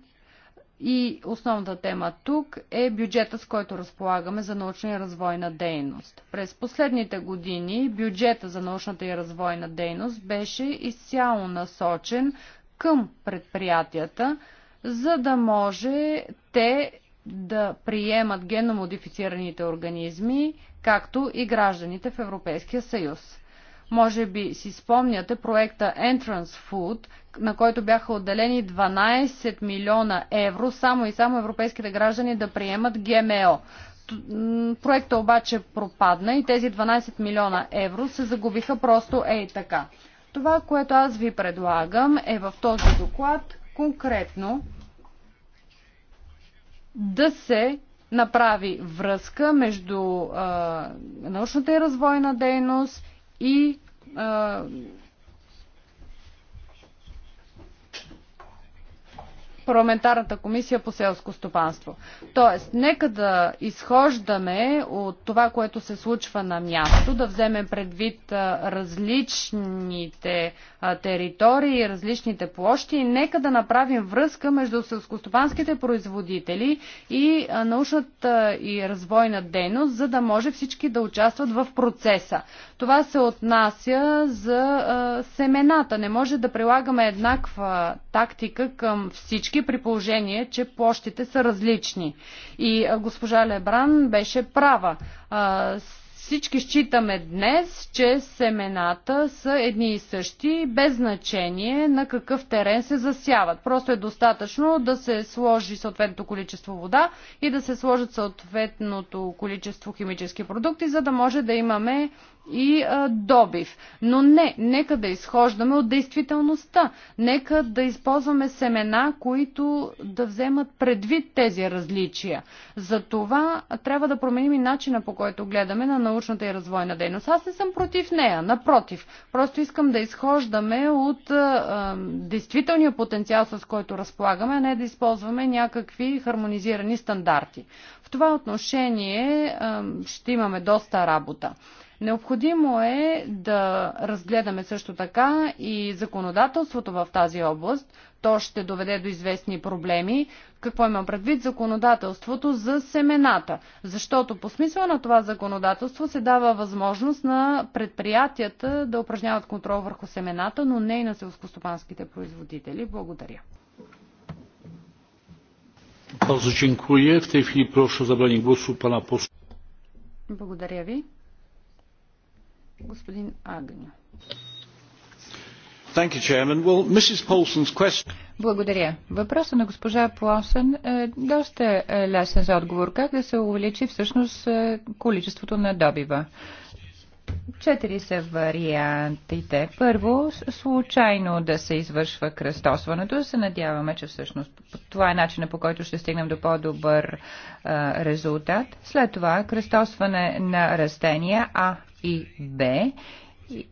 И основната тема тук е бюджета, с който разполагаме за научна и развойна дейност. През последните години бюджета за научната и развойна дейност беше изцяло насочен към предприятията, за да може те да приемат геномодифицираните организми, както и гражданите в Европейския съюз. Може би си спомняте проекта Entrance Food, на който бяха отделени 12 милиона евро, само и само европейските граждани да приемат ГМО. Проекта обаче пропадна и тези 12 милиона евро се загубиха просто ей така. Това, което аз ви предлагам е в този доклад конкретно да се направи връзка между а, научната и развойна дейност и а, парламентарната комисия по селско стопанство. Тоест, нека да изхождаме от това, което се случва на място, да вземем предвид различните територии, различните площи и нека да направим връзка между селскостопанските производители и научната и развойна дейност, за да може всички да участват в процеса. Това се отнася за семената. Не може да прилагаме еднаква тактика към всички всички, при положение, че площите са различни. И госпожа Лебран беше права. Всички считаме днес, че семената са едни и същи, без значение на какъв терен се засяват. Просто е достатъчно да се сложи съответното количество вода и да се сложат съответното количество химически продукти, за да може да имаме и а, добив. Но не, нека да изхождаме от действителността. Нека да използваме семена, които да вземат предвид тези различия. За това трябва да променим и начина по който гледаме на научната и развойна дейност. Аз не съм против нея, напротив. Просто искам да изхождаме от а, а, действителния потенциал, с който разполагаме, а не да използваме някакви хармонизирани стандарти. В това отношение а, ще имаме доста работа. Необходимо е да разгледаме също така и законодателството в тази област. То ще доведе до известни проблеми. Какво имам предвид? Законодателството за семената. Защото по смисъл на това законодателство се дава възможност на предприятията да упражняват контрол върху семената, но не и на селскостопанските производители. Благодаря. Bardzo dziękuję. W tej chwili proszę o zabranie głosu pana posła. Благодаря ви. Господин Агню. Благодаря. Въпросът на госпожа Плосен е доста е, лесен за отговор. Как да се увеличи всъщност е, количеството на добива? Четири са вариантите. Първо, случайно да се извършва кръстосването. Се надяваме, че всъщност това е начинът по който ще стигнем до по-добър резултат. След това, кръстосване на растения А и Б.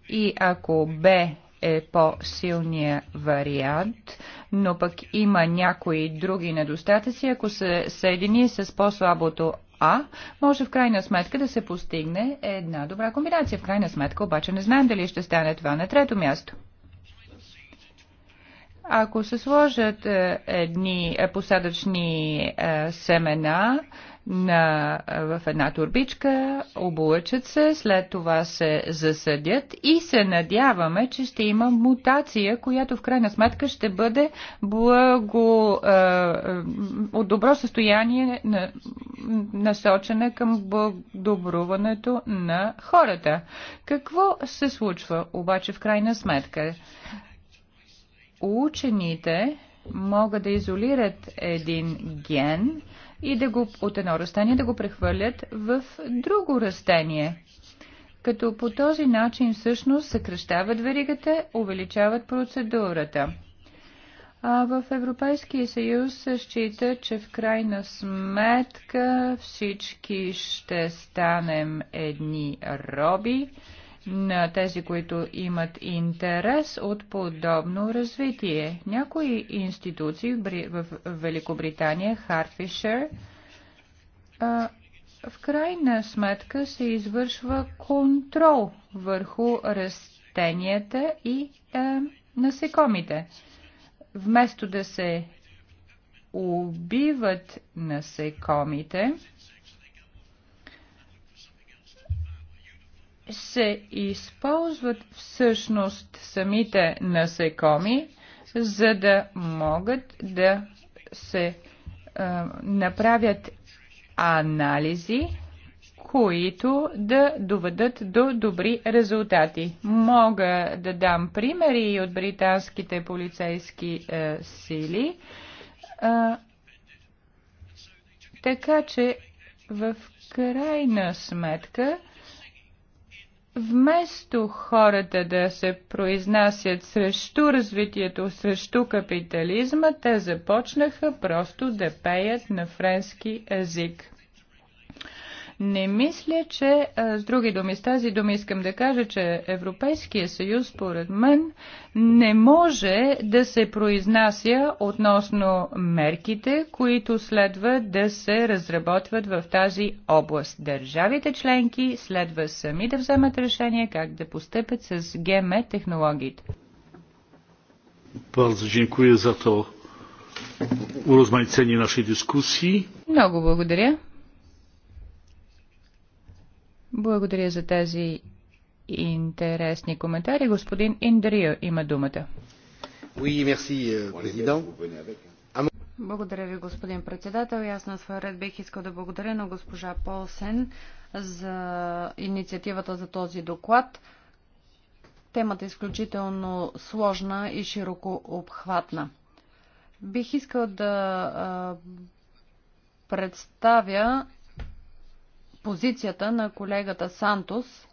И ако Б е по силният вариант, но пък има някои други недостатъци, ако се съедини с по-слабото а, може в крайна сметка да се постигне една добра комбинация. В крайна сметка обаче не знаем дали ще стане това на трето място. Ако се сложат е, едни е, посадъчни е, семена, на, в една турбичка, облъчат се, след това се засъдят и се надяваме, че ще има мутация, която в крайна сметка ще бъде благо, е, е от добро състояние на, насочена към добруването на хората. Какво се случва обаче в крайна сметка? Учените могат да изолират един ген, и да го, от едно растение да го прехвърлят в друго растение. Като по този начин всъщност съкръщават веригата, увеличават процедурата. А в Европейския съюз се счита, че в крайна сметка всички ще станем едни роби на тези, които имат интерес от подобно развитие. Някои институции в Великобритания, Хартфишер, в крайна сметка се извършва контрол върху растенията и е, насекомите. Вместо да се убиват насекомите, се използват всъщност самите насекоми, за да могат да се а, е, направят анализи, които да доведат до добри резултати. Мога да дам примери от британските полицейски е, сили. А, е, така че в крайна сметка Вместо хората да се произнасят срещу развитието, срещу капитализма, те започнаха просто да пеят на френски език. Не мисля, че с други думи, с тази думи искам да кажа, че Европейския съюз, според мен, не може да се произнася относно мерките, които следва да се разработват в тази област. Държавите членки следва сами да вземат решение как да постъпят с ГМ технологиите. Bardzo dziękuję za to urozmaicenie naszej dyskusji. Много благодаря. Благодаря за тези интересни коментари. Господин Индрио има думата. Oui, merci, euh, Благодаря ви, господин председател. И аз на своя ред бих искал да благодаря на госпожа Полсен за инициативата за този доклад. Темата е изключително сложна и широко обхватна. Бих искал да представя позицията на колегата Сантос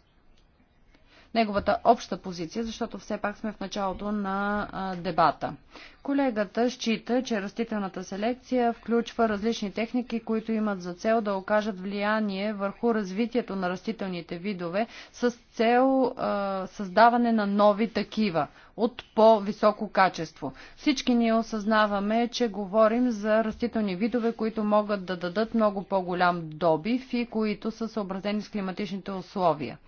неговата обща позиция, защото все пак сме в началото на дебата. Колегата счита, че растителната селекция включва различни техники, които имат за цел да окажат влияние върху развитието на растителните видове с цел а, създаване на нови такива от по-високо качество. Всички ние осъзнаваме, че говорим за растителни видове, които могат да дадат много по-голям добив и които са съобразени с климатичните условия.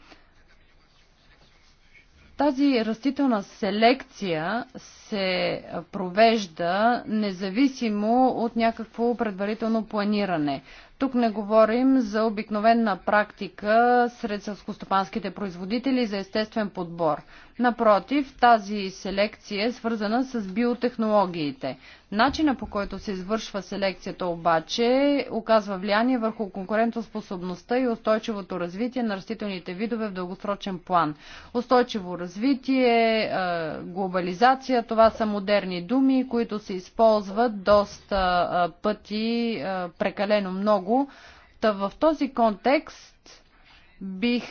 Тази растителна селекция се провежда независимо от някакво предварително планиране. Тук не говорим за обикновена практика сред сълскостопанските производители за естествен подбор. Напротив, тази селекция е свързана с биотехнологиите. Начина по който се извършва селекцията обаче оказва влияние върху конкурентоспособността и устойчивото развитие на растителните видове в дългосрочен план. Устойчиво развитие, е, глобализация, това са модерни думи, които се използват доста е, пъти е, прекалено много много. Та в този контекст бих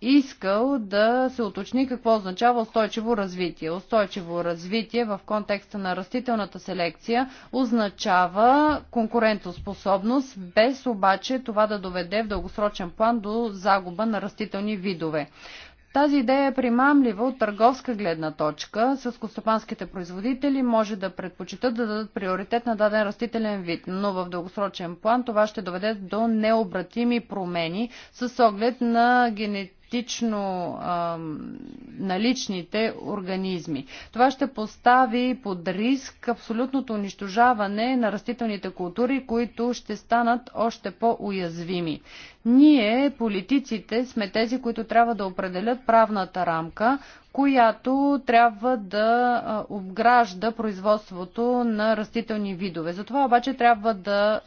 искал да се уточни какво означава устойчиво развитие. Устойчиво развитие в контекста на растителната селекция означава конкурентоспособност, без обаче това да доведе в дългосрочен план до загуба на растителни видове. Тази идея е примамлива от търговска гледна точка. Съскостопанските производители може да предпочитат да дадат приоритет на даден растителен вид, но в дългосрочен план това ще доведе до необратими промени с оглед на генетичната генетично а, наличните организми. Това ще постави под риск абсолютното унищожаване на растителните култури, които ще станат още по-уязвими. Ние, политиците, сме тези, които трябва да определят правната рамка, която трябва да обгражда производството на растителни видове. Затова обаче трябва да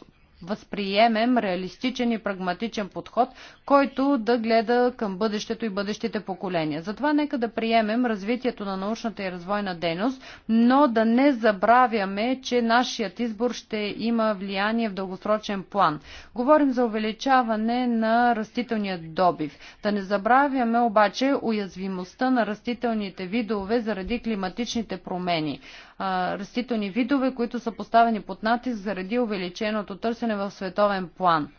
възприемем реалистичен и прагматичен подход, който да гледа към бъдещето и бъдещите поколения. Затова нека да приемем развитието на научната и развойна дейност, но да не забравяме, че нашият избор ще има влияние в дългосрочен план. Говорим за увеличаване на растителния добив. Да не забравяме обаче уязвимостта на растителните видове заради климатичните промени растителни видове, които са поставени под натиск заради увеличеното търсене в световен план.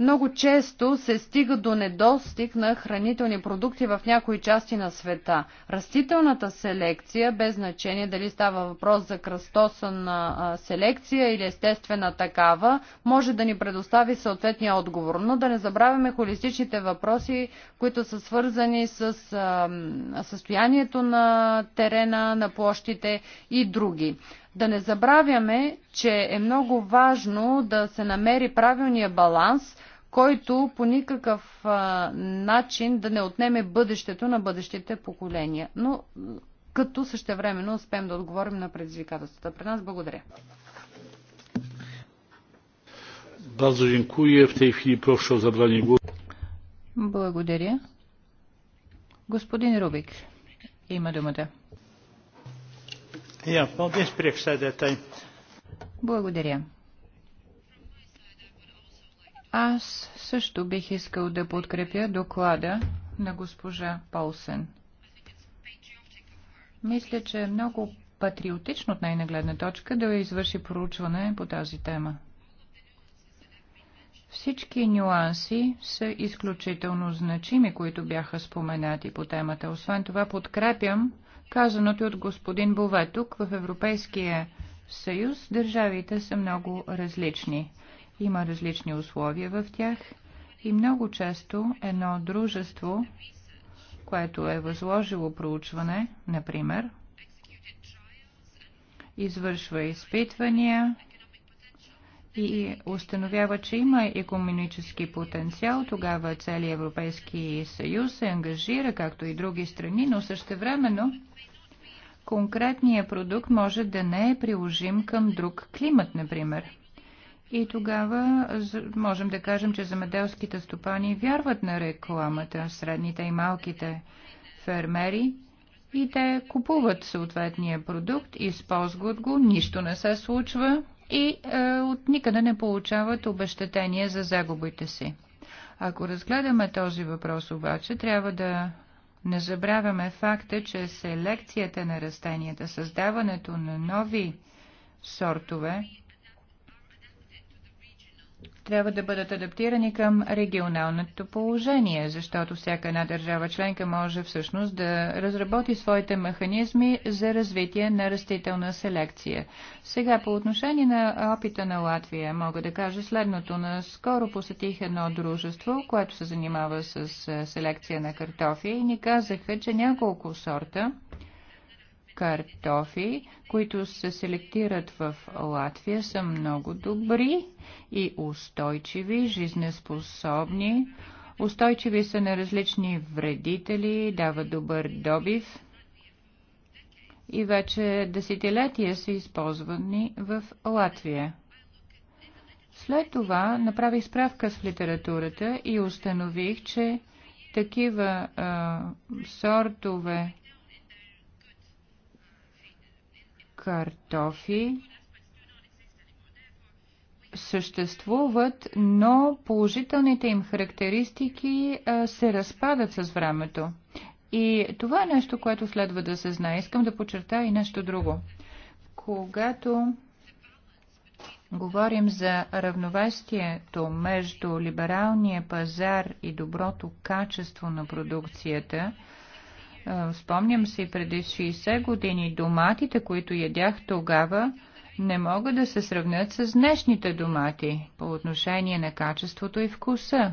Много често се стига до недостиг на хранителни продукти в някои части на света. Растителната селекция, без значение дали става въпрос за кръстосана селекция или естествена такава, може да ни предостави съответния отговор. Но да не забравяме холистичните въпроси, които са свързани с състоянието на терена, на площите и други. Да не забравяме, че е много важно да се намери правилния баланс, който по никакъв а, начин да не отнеме бъдещето на бъдещите поколения. Но като същевременно успеем да отговорим на предизвикателствата при нас. Благодаря. Bardzo dziękuję. W tej chwili proszę o zabranie głosu. Благодаря. Господин Рубик има думата. Jā, paldies priekšsēdētāji. Благодаря. Аз също бих искал да подкрепя доклада на госпожа Полсен. Мисля, че е много патриотично от нейна гледна точка да извърши проучване по тази тема. Всички нюанси са изключително значими, които бяха споменати по темата. Освен това подкрепям казаното от господин Бове. Тук в Европейския съюз държавите са много различни. Има различни условия в тях и много често едно дружество, което е възложило проучване, например, извършва изпитвания и установява, че има економически потенциал, тогава целият Европейски съюз се ангажира, както и други страни, но същевременно конкретният продукт може да не е приложим към друг климат, например. И тогава можем да кажем, че замеделските стопани вярват на рекламата, средните и малките фермери, и те купуват съответния продукт, използват го, нищо не се случва и е, от никъде не получават обещетение за загубите си. Ако разгледаме този въпрос обаче, трябва да не забравяме факта, че селекцията на растенията, създаването на нови сортове, трябва да бъдат адаптирани към регионалното положение, защото всяка една държава членка може всъщност да разработи своите механизми за развитие на растителна селекция. Сега по отношение на опита на Латвия мога да кажа следното. Наскоро посетих едно дружество, което се занимава с селекция на картофи и ни казаха, че няколко сорта картофи, които се селектират в Латвия, са много добри и устойчиви, жизнеспособни. Устойчиви са на различни вредители, дават добър добив и вече десетилетия са използвани в Латвия. След това направих справка с литературата и установих, че такива а, сортове картофи съществуват, но положителните им характеристики се разпадат с времето. И това е нещо, което следва да се знае. Искам да подчертая и нещо друго. Когато говорим за равновесието между либералния пазар и доброто качество на продукцията, е, спомням си преди 60 години доматите, които ядях тогава, не могат да се сравнят с днешните домати по отношение на качеството и вкуса.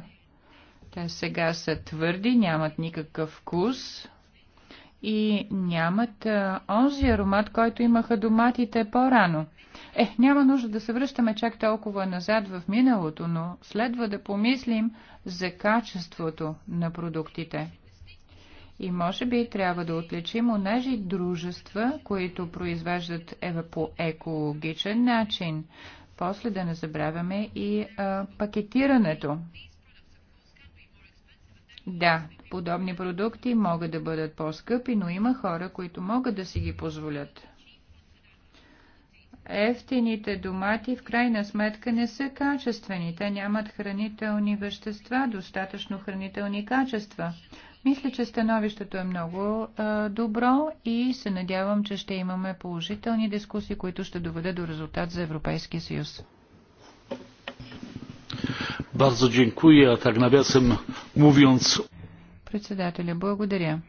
Те сега са твърди, нямат никакъв вкус и нямат а, е, онзи аромат, който имаха доматите по-рано. Е, няма нужда да се връщаме чак толкова назад в миналото, но следва да помислим за качеството на продуктите. И може би трябва да отличим онежи дружества, които произвеждат ева по екологичен начин. После да не забравяме и а, пакетирането. Да, подобни продукти могат да бъдат по-скъпи, но има хора, които могат да си ги позволят. Ефтините домати в крайна сметка не са качествени. Те нямат хранителни вещества, достатъчно хранителни качества. Мисля, че становището е много а, добро и се надявам, че ще имаме положителни дискусии, които ще доведе до резултат за Европейския съюз. Bardzo dziękuję, a tak nawiasem mówiąc. Председателя, благодаря.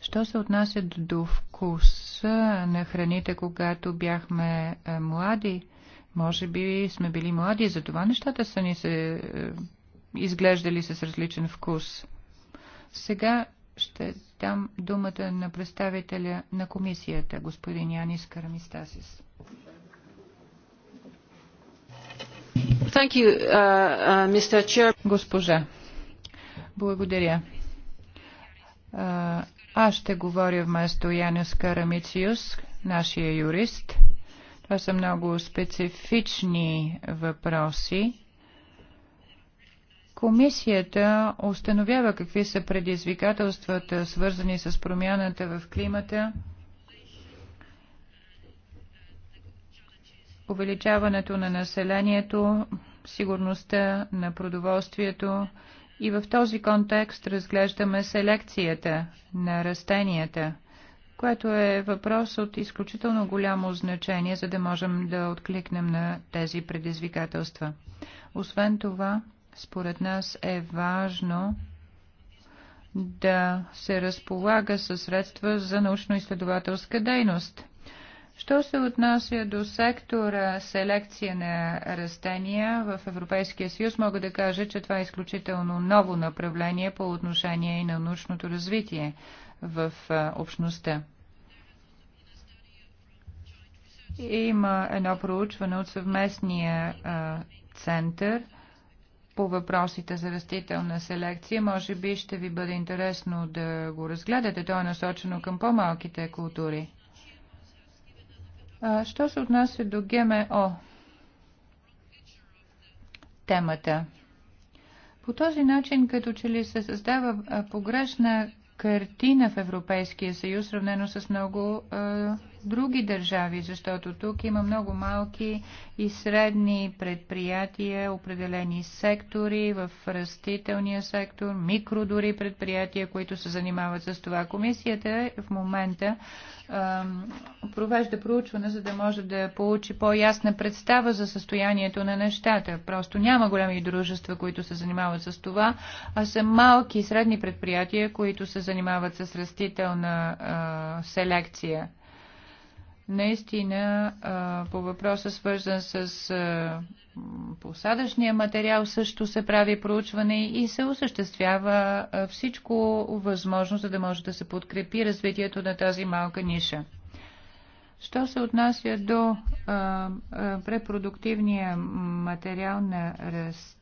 Що се отнася до вкуса на храните, когато бяхме млади, може би сме били млади, затова нещата са ни се изглеждали с различен вкус. Сега ще дам думата на представителя на комисията, господин Янис Карамистасис. Thank you, uh, uh, Chair. Госпожа, благодаря. Uh, аз ще говоря вместо Янис Карамициус, нашия юрист. Това са много специфични въпроси Комисията установява какви са предизвикателствата, свързани с промяната в климата, увеличаването на населението, сигурността на продоволствието и в този контекст разглеждаме селекцията на растенията, което е въпрос от изключително голямо значение, за да можем да откликнем на тези предизвикателства. Освен това, според нас е важно да се разполага със средства за научно-изследователска дейност. Що се отнася до сектора селекция на растения в Европейския съюз, мога да кажа, че това е изключително ново направление по отношение и на научното развитие в общността. Има едно проучване от съвместния център – по въпросите за растителна селекция. Може би ще ви бъде интересно да го разгледате. То е насочено към по-малките култури. А, що се отнася до ГМО? Темата. По този начин, като че ли се създава погрешна картина в Европейския съюз, сравнено с много други държави, защото тук има много малки и средни предприятия, определени сектори в растителния сектор, микро дори предприятия, които се занимават с това. Комисията в момента провежда проучване, за да може да получи по-ясна представа за състоянието на нещата. Просто няма големи дружества, които се занимават с това, а са малки и средни предприятия, които се занимават с растителна а, селекция. Наистина, по въпроса свързан с посадъчния материал също се прави проучване и се осъществява всичко възможно, за да може да се подкрепи развитието на тази малка ниша. Що се отнася до а, а, препродуктивния материал на растения,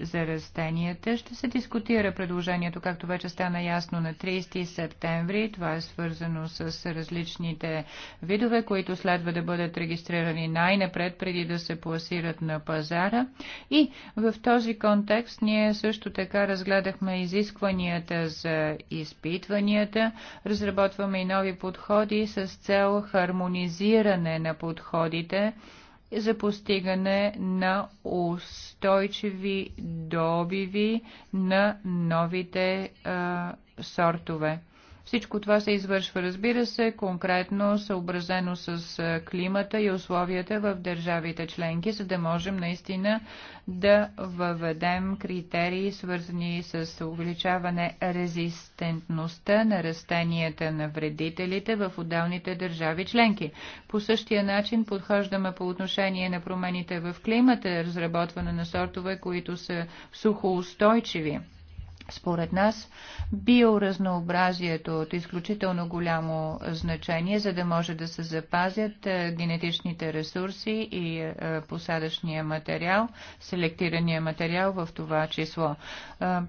за растенията. Ще се дискутира предложението, както вече стана ясно, на 30 септември. Това е свързано с различните видове, които следва да бъдат регистрирани най-напред, преди да се пласират на пазара. И в този контекст ние също така разгледахме изискванията за изпитванията. Разработваме и нови подходи с цел хармонизиране на подходите за постигане на устойчиви добиви на новите а, сортове. Всичко това се извършва, разбира се, конкретно съобразено с климата и условията в държавите членки, за да можем наистина да въведем критерии, свързани с увеличаване резистентността на растенията на вредителите в отделните държави членки. По същия начин подхождаме по отношение на промените в климата, разработване на сортове, които са сухоустойчиви. Според нас биоразнообразието е от изключително голямо значение, за да може да се запазят е, генетичните ресурси и е, посадъчния материал, селектирания материал в това число.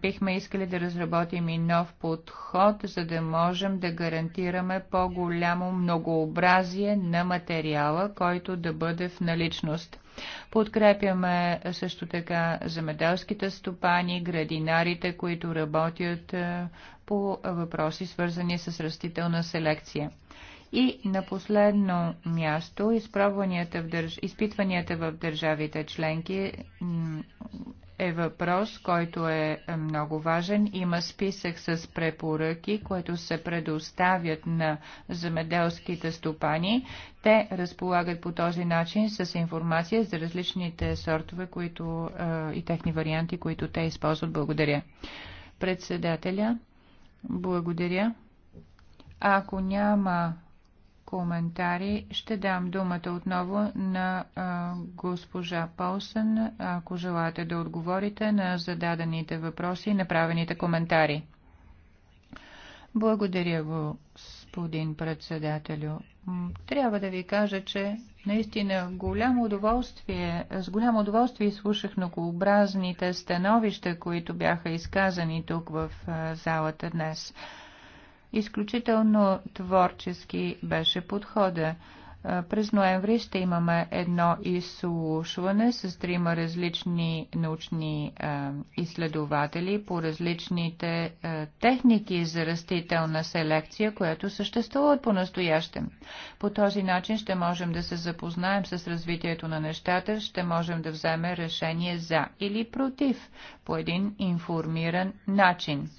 Бихме искали да разработим и нов подход, за да можем да гарантираме по-голямо многообразие на материала, който да бъде в наличност. Подкрепяме също така земеделските стопани, градинарите, които работят е, по въпроси свързани с растителна селекция. И на последно място, изпитванията в, държ... изпитванията в държавите членки е въпрос, който е, е много важен. Има списък с препоръки, които се предоставят на земеделските стопани. Те разполагат по този начин с информация за различните сортове които, е, и техни варианти, които те използват. Благодаря. Председателя, благодаря. Ако няма коментари. Ще дам думата отново на а, госпожа Полсън, ако желаете да отговорите на зададените въпроси и направените коментари. Благодаря, господин председателю. Трябва да ви кажа, че наистина голямо удоволствие, с голямо удоволствие слушах многообразните становища, които бяха изказани тук в залата днес. Изключително творчески беше подхода. През ноември ще имаме едно изслушване с трима различни научни изследователи по различните техники за растителна селекция, която съществуват по-настоящем. По този начин ще можем да се запознаем с развитието на нещата, ще можем да вземе решение за или против по един информиран начин.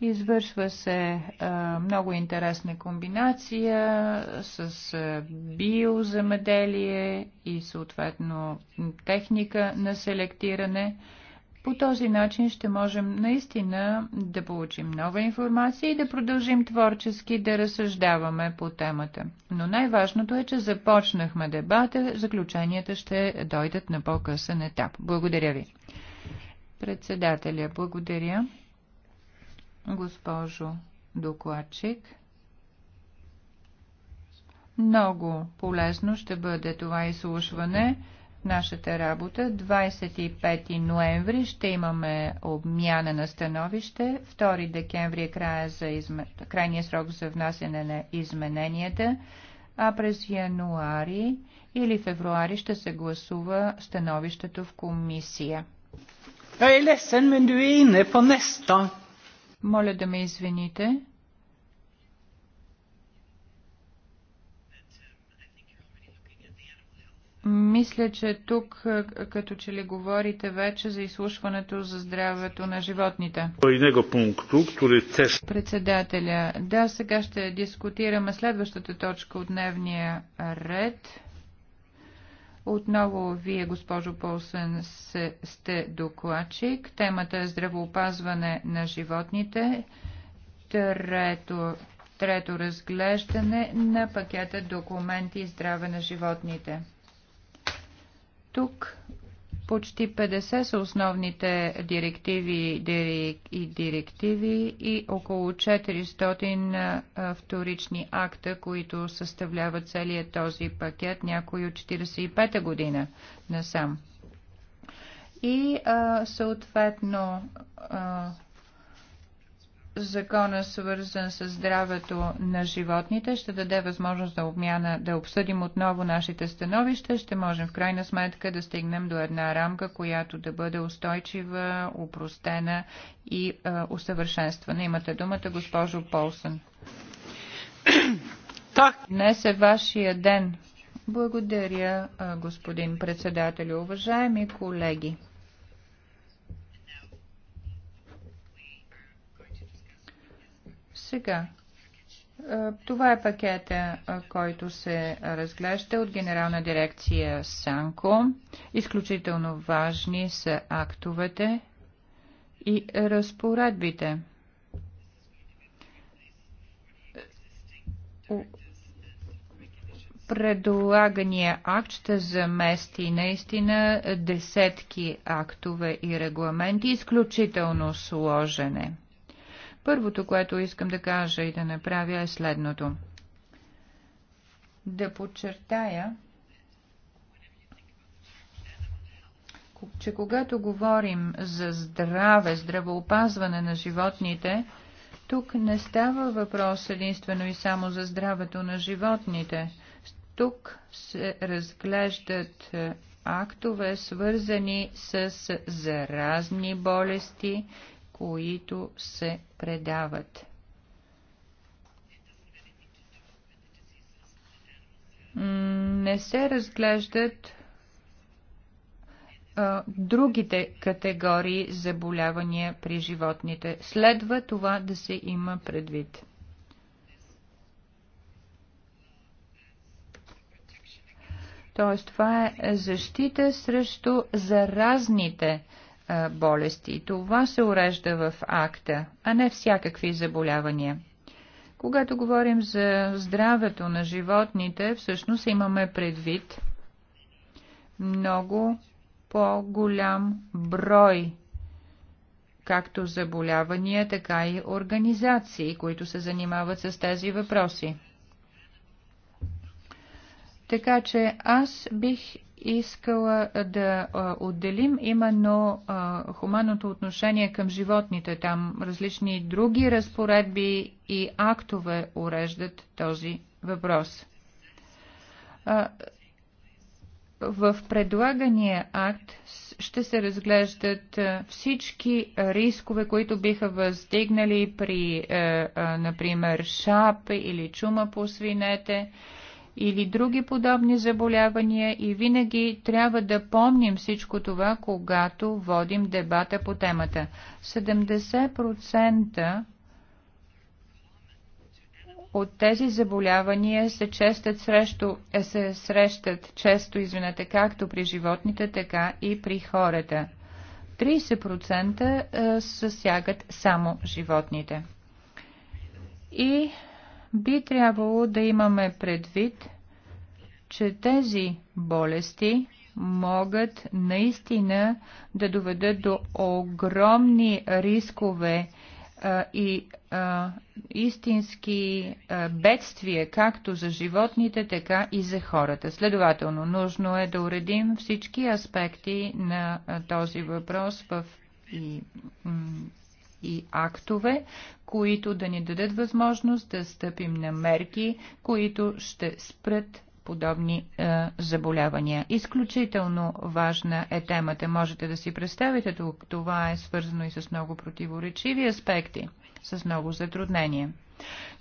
Извършва се а, много интересна комбинация с а, биоземеделие и съответно техника на селектиране. По този начин ще можем наистина да получим нова информация и да продължим творчески да разсъждаваме по темата. Но най-важното е, че започнахме дебата, заключенията ще дойдат на по-късен етап. Благодаря ви. Председателя, благодаря госпожо докладчик. Много полезно ще бъде това изслушване нашата работа. 25 ноември ще имаме обмяна на становище. 2 декември е края за изм... крайния срок за внасяне на измененията, а през януари или февруари ще се гласува становището в комисия. Jag är men du är inne på моля да ме извините. Мисля, че тук като че ли говорите вече за изслушването за здравето на животните. Председателя, да, сега ще дискутираме следващата точка от дневния ред. Отново вие, госпожо Полсън, сте докладчик. Темата е здравоопазване на животните. Трето, трето разглеждане на пакета документи здраве на животните. Тук почти 50 са основните директиви и директиви и около 400 вторични акта, които съставляват целият този пакет, някои от 45-та година насам. И съответно закона, свързан с здравето на животните, ще даде възможност да обмяна, да обсъдим отново нашите становища. Ще можем в крайна сметка да стигнем до една рамка, която да бъде устойчива, упростена и е, усъвършенствана. Имате думата, госпожо Полсън. Так. Днес е вашия ден. Благодаря, господин председателю. Уважаеми колеги. Сега, това е пакета, който се разглежда от Генерална дирекция Санко. Изключително важни са актовете и разпоредбите. Предлагания акт ще замести наистина десетки актове и регламенти. Изключително сложене. Първото, което искам да кажа и да направя е следното. Да подчертая, че когато говорим за здраве, здравоопазване на животните, тук не става въпрос единствено и само за здравето на животните. Тук се разглеждат е, актове, свързани с заразни болести които се предават. Не се разглеждат другите категории заболявания при животните. Следва това да се има предвид. Тоест, това е защита срещу заразните болести. Това се урежда в акта, а не всякакви заболявания. Когато говорим за здравето на животните, всъщност имаме предвид много по-голям брой както заболявания, така и организации, които се занимават с тези въпроси. Така че аз бих искала да отделим именно хуманното отношение към животните. Там различни други разпоредби и актове уреждат този въпрос. В предлагания акт ще се разглеждат всички рискове, които биха въздигнали при, е, е, например, шап или чума по свинете или други подобни заболявания и винаги трябва да помним всичко това, когато водим дебата по темата. 70% от тези заболявания се, честят срещу, е, се срещат често, извинете, както при животните, така и при хората. 30% е, съсягат само животните. И би трябвало да имаме предвид, че тези болести могат наистина да доведат до огромни рискове а, и а, истински а, бедствия, както за животните, така и за хората. Следователно, нужно е да уредим всички аспекти на а, този въпрос в и и актове, които да ни дадат възможност да стъпим на мерки, които ще спрат подобни е, заболявания. Изключително важна е темата. Можете да си представите тук. Това е свързано и с много противоречиви аспекти, с много затруднения.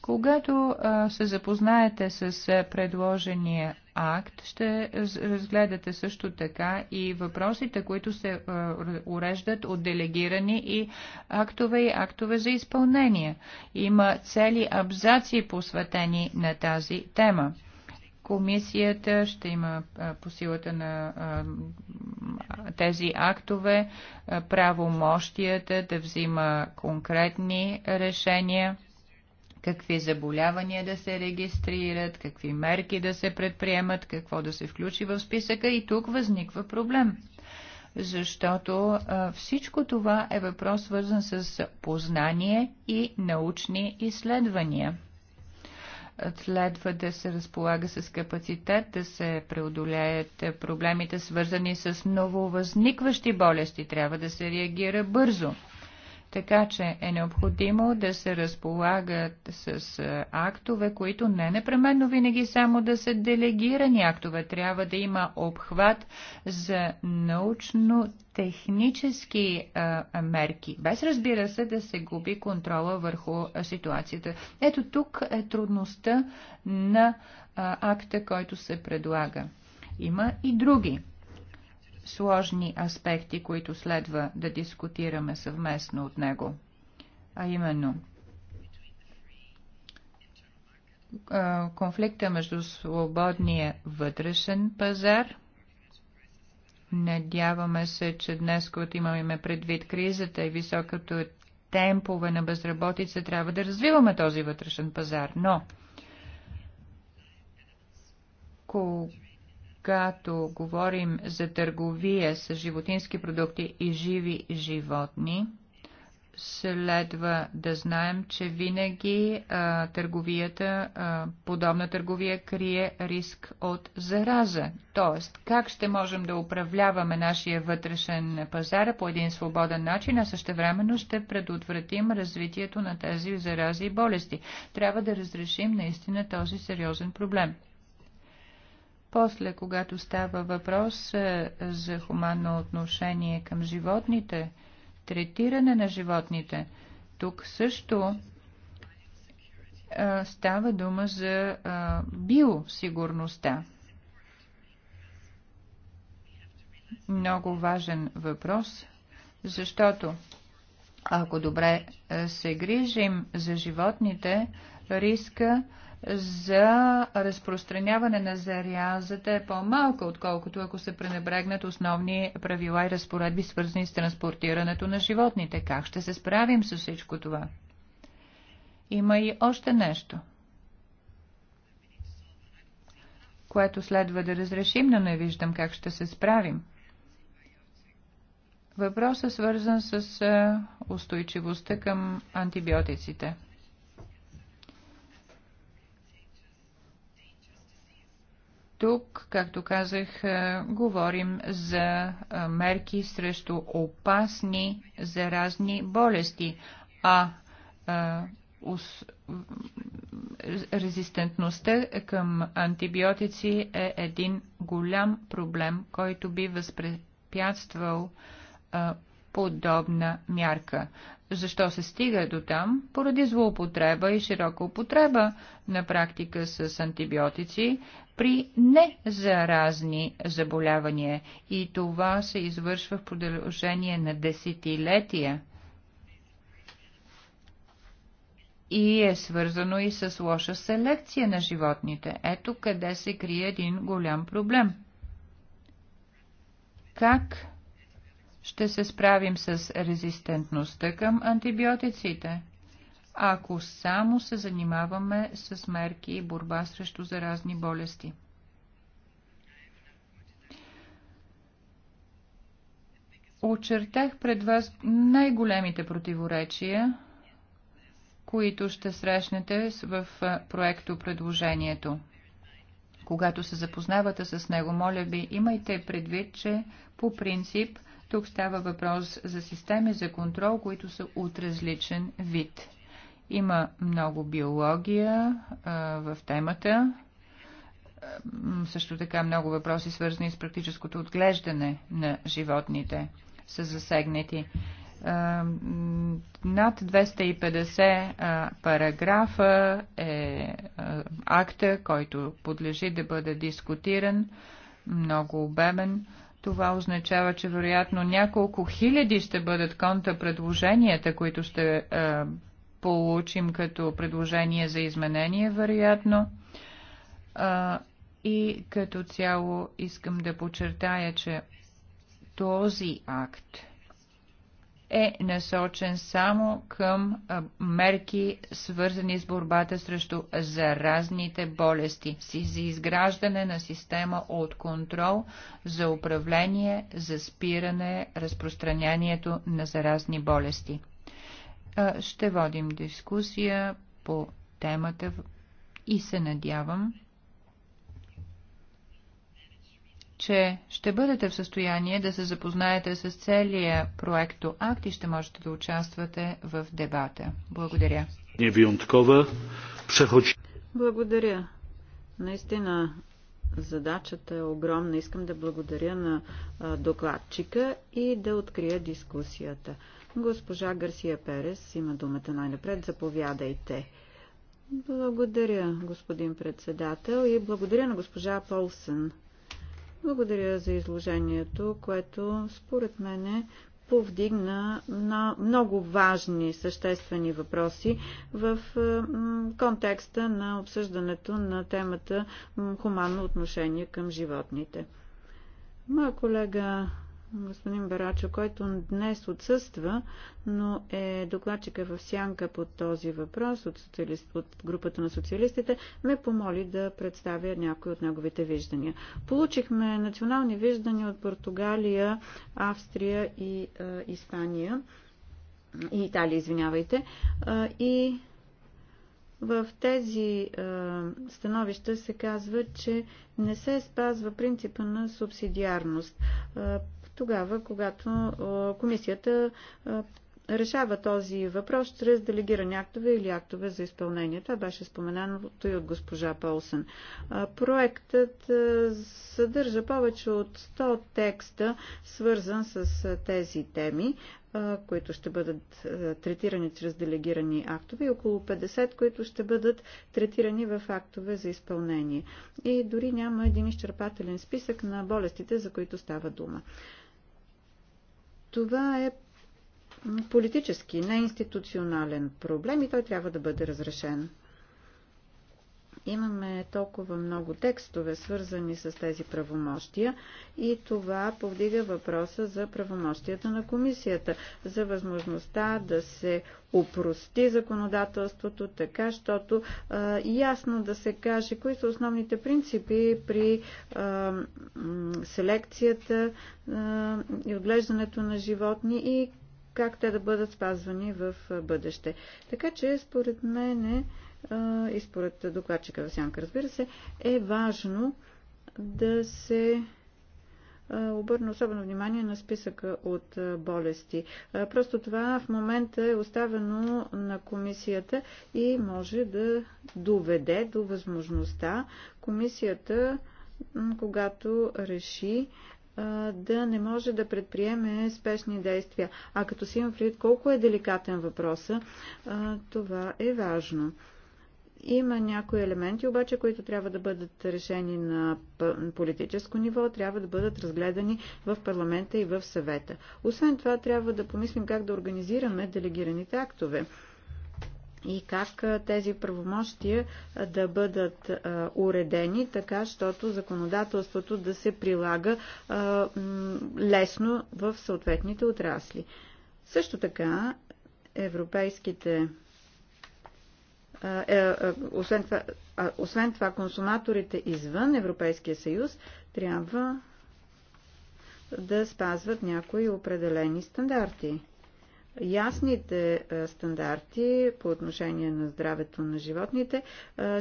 Когато се запознаете с предложения акт, ще разгледате също така и въпросите, които се уреждат от делегирани и актове и актове за изпълнение. Има цели абзаци посветени на тази тема. Комисията ще има по силата на тези актове правомощията да взима конкретни решения какви заболявания да се регистрират, какви мерки да се предприемат, какво да се включи в списъка и тук възниква проблем защото а, всичко това е въпрос свързан с познание и научни изследвания. Следва да се разполага с капацитет, да се преодолеят проблемите, свързани с нововъзникващи болести. Трябва да се реагира бързо. Така че е необходимо да се разполагат с актове, които не непременно винаги само да са делегирани актове. Трябва да има обхват за научно-технически мерки, без разбира се да се губи контрола върху ситуацията. Ето тук е трудността на акта, който се предлага. Има и други сложни аспекти, които следва да дискутираме съвместно от него, а именно конфликта между свободния вътрешен пазар. Надяваме се, че днес, когато имаме предвид кризата и високото темпове на безработица, трябва да развиваме този вътрешен пазар. Но, когато говорим за търговия с животински продукти и живи животни, следва да знаем, че винаги а, търговията, а, подобна търговия крие риск от зараза. Тоест, как ще можем да управляваме нашия вътрешен пазар по един свободен начин, а същевременно ще предотвратим развитието на тези зарази и болести. Трябва да разрешим наистина този сериозен проблем. После, когато става въпрос е, за хуманно отношение към животните, третиране на животните, тук също е, става дума за е, биосигурността. Много важен въпрос, защото ако добре се грижим за животните, риска за разпространяване на зарязата е по-малка, отколкото ако се пренебрегнат основни правила и разпоредби, свързани с транспортирането на животните. Как ще се справим с всичко това? Има и още нещо, което следва да разрешим, но не виждам как ще се справим. Въпросът е свързан с е, устойчивостта към антибиотиците – Тук, както казах, е, говорим за е, мерки срещу опасни заразни болести, а е, резистентността към антибиотици е един голям проблем, който би възпрепятствал подобна мярка. Защо се стига до там? Поради злоупотреба и широка употреба на практика с антибиотици, при незаразни заболявания. И това се извършва в продължение на десетилетия. И е свързано и с лоша селекция на животните. Ето къде се крие един голям проблем. Как ще се справим с резистентността към антибиотиците? ако само се занимаваме с мерки и борба срещу заразни болести. Очертах пред вас най-големите противоречия, които ще срещнете в проекто предложението. Когато се запознавате с него, моля ви, имайте предвид, че по принцип тук става въпрос за системи за контрол, които са от различен вид. Има много биология а, в темата. Също така много въпроси, свързани с практическото отглеждане на животните, са засегнати над 250 параграфа е акта, който подлежи да бъде дискутиран, много обемен. Това означава, че вероятно няколко хиляди ще бъдат конта предложенията, които ще получим като предложение за изменение, вероятно. И като цяло искам да подчертая, че този акт е насочен само към мерки, свързани с борбата срещу заразните болести, за изграждане на система от контрол за управление, за спиране разпространението на заразни болести ще водим дискусия по темата и се надявам, че ще бъдете в състояние да се запознаете с целия проекто акт и ще можете да участвате в дебата. Благодаря. Благодаря. Наистина задачата е огромна. Искам да благодаря на докладчика и да открия дискусията. Госпожа Гарсия Перес има думата най-напред. Заповядайте. Благодаря, господин председател, и благодаря на госпожа Полсън. Благодаря за изложението, което според мене повдигна на много важни, съществени въпроси в контекста на обсъждането на темата хуманно отношение към животните. Моя колега господин Барачо, който днес отсъства, но е докладчика в сянка по този въпрос от, социалист, от групата на социалистите, ме помоли да представя някои от неговите виждания. Получихме национални виждания от Португалия, Австрия и е, Испания. И Италия, извинявайте. Е, и в тези е, становища се казва, че не се спазва принципа на субсидиарност. Е, тогава, когато комисията решава този въпрос чрез делегирани актове или актове за изпълнение. Това беше споменано и от госпожа Полсен, Проектът съдържа повече от 100 текста, свързан с тези теми, които ще бъдат третирани чрез делегирани актове и около 50, които ще бъдат третирани в актове за изпълнение. И дори няма един изчерпателен списък на болестите, за които става дума. Това е политически, не институционален проблем и той трябва да бъде разрешен имаме толкова много текстове, свързани с тези правомощия и това повдига въпроса за правомощията на комисията, за възможността да се упрости законодателството така, щото а, ясно да се каже кои са основните принципи при а, селекцията а, и отглеждането на животни и как те да бъдат спазвани в бъдеще. Така че, според мен, и според докладчика в сянка, разбира се, е важно да се обърна особено внимание на списъка от болести. Просто това в момента е оставено на комисията и може да доведе до възможността комисията, когато реши да не може да предприеме спешни действия. А като си има колко е деликатен въпроса, това е важно. Има някои елементи, обаче, които трябва да бъдат решени на политическо ниво, трябва да бъдат разгледани в парламента и в съвета. Освен това, трябва да помислим как да организираме делегираните актове и как тези правомощия да бъдат уредени така, щото законодателството да се прилага лесно в съответните отрасли. Също така, европейските е, освен това, освен това, консуматорите извън Европейския съюз трябва да спазват някои определени стандарти. Ясните стандарти по отношение на здравето на животните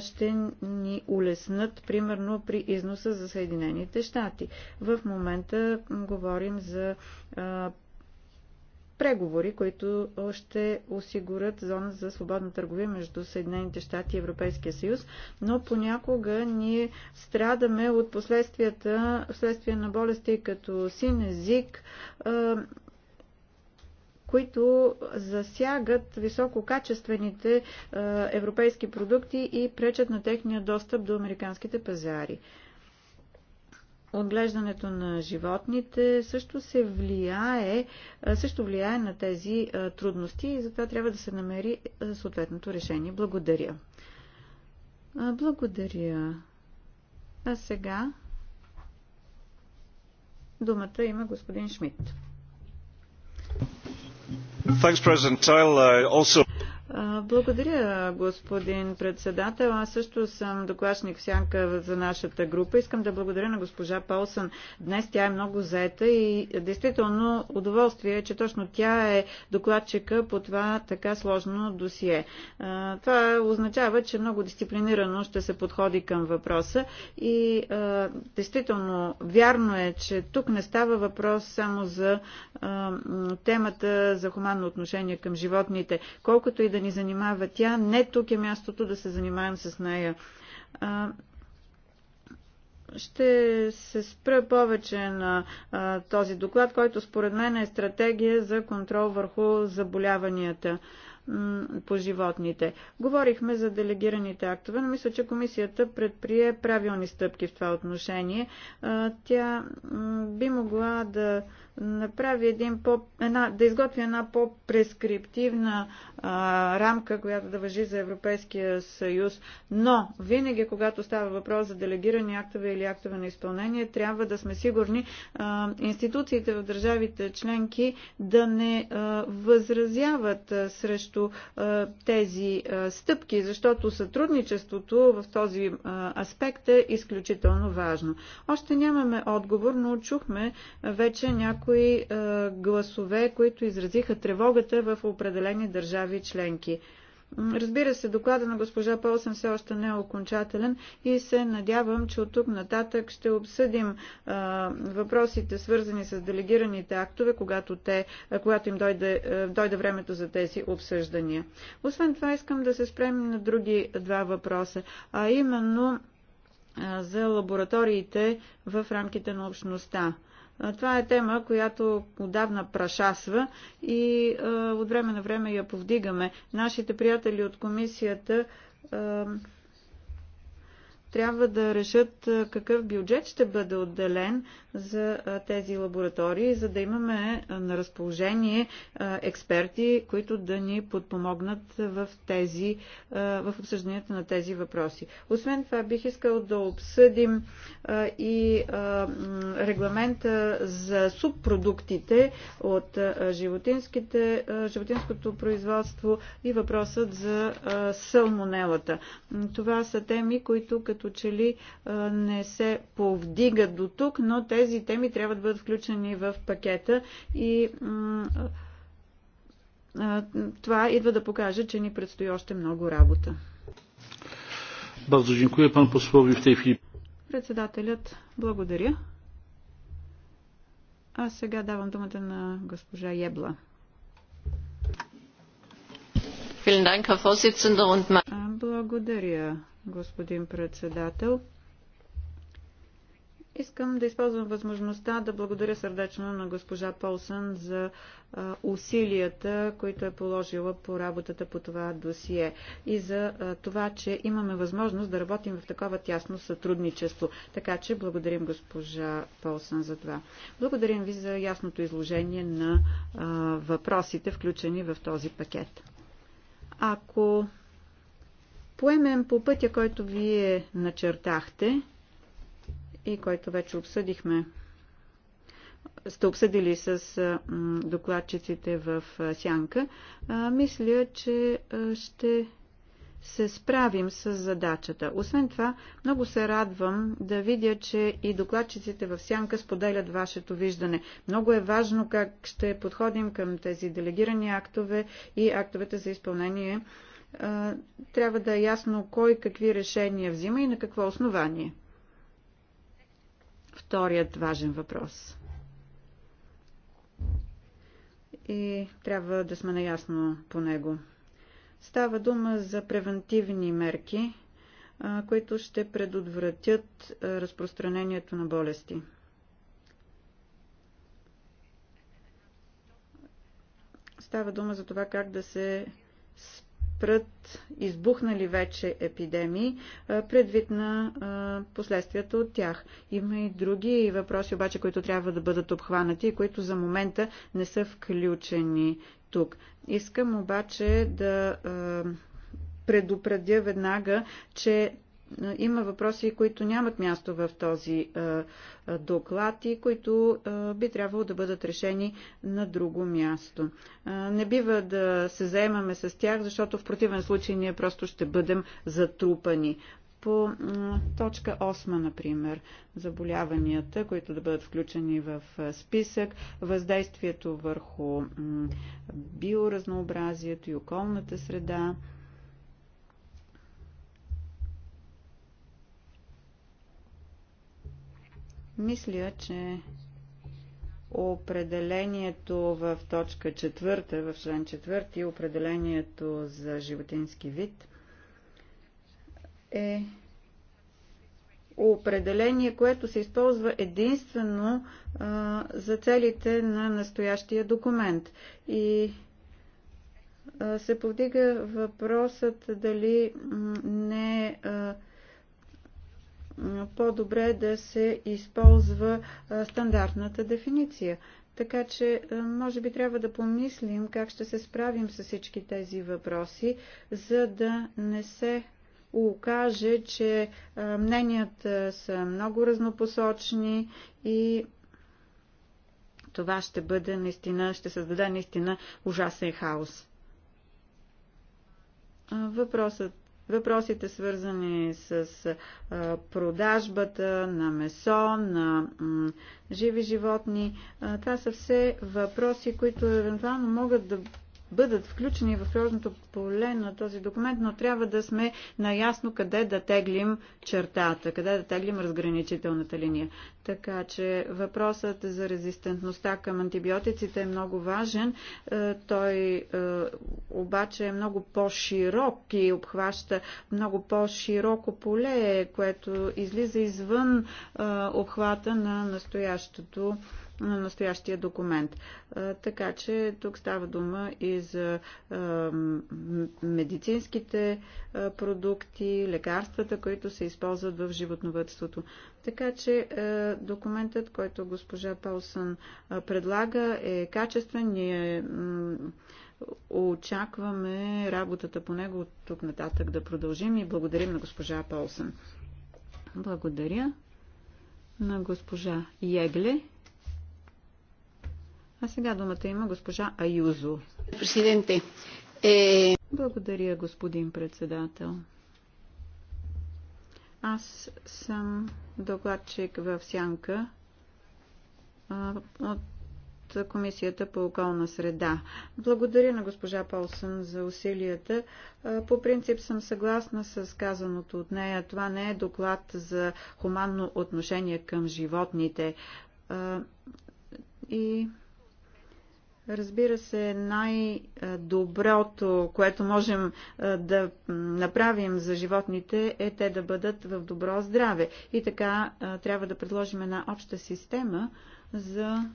ще ни улеснат, примерно, при износа за Съединените щати. В момента говорим за преговори, които ще осигурят зона за свободна търговия между Съединените щати и Европейския съюз, но понякога ние страдаме от последствията, вследствие на болести като син език, които засягат висококачествените европейски продукти и пречат на техния достъп до американските пазари отглеждането на животните също се влияе, също влияе на тези трудности и затова трябва да се намери съответното решение. Благодаря. Благодаря. А сега думата има господин Шмидт. Thanks, President. I'll uh, also благодаря, господин председател. Аз също съм докладчник сянка за нашата група. Искам да благодаря на госпожа Полсън. Днес тя е много заета и действително удоволствие е, че точно тя е докладчика по това така сложно досие. Това означава, че много дисциплинирано ще се подходи към въпроса и действително вярно е, че тук не става въпрос само за темата за хуманно отношение към животните. Колкото и да ни занимава тя. Не тук е мястото да се занимаем с нея. Ще се спра повече на а, този доклад, който според мен е стратегия за контрол върху заболяванията по животните. Говорихме за делегираните актове, но мисля, че комисията предприе правилни стъпки в това отношение. Тя би могла да направи един по, една, да изготви една по-прескриптивна рамка, която да въжи за Европейския съюз. Но винаги, когато става въпрос за делегирани актове или актове на изпълнение, трябва да сме сигурни а, институциите в държавите членки да не а, възразяват а, срещу срещу тези стъпки, защото сътрудничеството в този аспект е изключително важно. Още нямаме отговор, но чухме вече някои гласове, които изразиха тревогата в определени държави членки. Разбира се, доклада на госпожа Полсън все още не е окончателен и се надявам, че от тук нататък ще обсъдим а, въпросите свързани с делегираните актове, когато, те, а, когато им дойде, а, дойде времето за тези обсъждания. Освен това искам да се спрем на други два въпроса, а именно а, за лабораториите в рамките на общността. Това е тема, която отдавна прашасва и от време на време я повдигаме. Нашите приятели от комисията трябва да решат какъв бюджет ще бъде отделен за тези лаборатории, за да имаме на разположение експерти, които да ни подпомогнат в, тези, в обсъжданията на тези въпроси. Освен това, бих искал да обсъдим и регламента за субпродуктите от животинското производство и въпросът за салмонелата. Това са теми, които като че ли не се повдигат до тук, но те тези теми трябва да бъдат включени в пакета и това идва да покаже, че ни предстои още много работа. Bardzo дякую, пан posłowi w tej Председателят, благодаря. А сега давам думата на госпожа Ебла. Благодаря, господин председател. Искам да използвам възможността да благодаря сърдечно на госпожа Полсън за усилията, които е положила по работата по това досие и за това, че имаме възможност да работим в такова тясно сътрудничество. Така че благодарим госпожа Полсън за това. Благодарим ви за ясното изложение на въпросите, включени в този пакет. Ако поемем по пътя, който вие начертахте, и който вече обсъдихме сте обсъдили с докладчиците в Сянка, мисля, че ще се справим с задачата. Освен това, много се радвам да видя, че и докладчиците в Сянка споделят вашето виждане. Много е важно как ще подходим към тези делегирани актове и актовете за изпълнение. Трябва да е ясно кой какви решения взима и на какво основание вторият важен въпрос. И трябва да сме наясно по него. Става дума за превентивни мерки, които ще предотвратят разпространението на болести. Става дума за това как да се спрат избухнали вече епидемии, предвид на последствията от тях. Има и други въпроси, обаче, които трябва да бъдат обхванати и които за момента не са включени тук. Искам обаче да предупредя веднага, че е, има въпроси, които нямат място в този е, е, доклад и които би трябвало да бъдат решени на друго място. Не бива да се заемаме с тях, защото в противен случай ние просто ще бъдем затрупани. По точка 8, например, заболяванията, които да бъдат включени в списък, въздействието върху биоразнообразието и околната среда, Мисля, че определението в точка 4, в член 4, определението за животински вид е определение, което се използва единствено а, за целите на настоящия документ. И а, се повдига въпросът дали не а, по-добре е да се използва стандартната дефиниция. Така че, може би трябва да помислим как ще се справим с всички тези въпроси, за да не се окаже, че мненията са много разнопосочни и това ще бъде наистина, ще създаде наистина ужасен хаос. Въпросът Въпросите свързани с продажбата на месо, на живи животни, това са все въпроси, които евентуално могат да бъдат включени в приложното поле на този документ, но трябва да сме наясно къде да теглим чертата, къде да теглим разграничителната линия. Така че въпросът за резистентността към антибиотиците е много важен. Е, той е, обаче е много по-широк и обхваща много по-широко поле, което излиза извън е, обхвата на настоящото на настоящия документ. Така че тук става дума и за медицинските продукти, лекарствата, които се използват в животновътството. Така че документът, който госпожа Паусън предлага е качествен. Ние очакваме работата по него от тук нататък да продължим и благодарим на госпожа Паусън. Благодаря на госпожа Егле. А сега думата има госпожа Аюзо. Президенте. Е... Благодаря, господин председател. Аз съм докладчик в Сянка от Комисията по околна среда. Благодаря на госпожа Полсън за усилията. По принцип съм съгласна с казаното от нея. Това не е доклад за хуманно отношение към животните. И Разбира се, най-доброто, което можем да направим за животните е те да бъдат в добро здраве. И така трябва да предложим една обща система за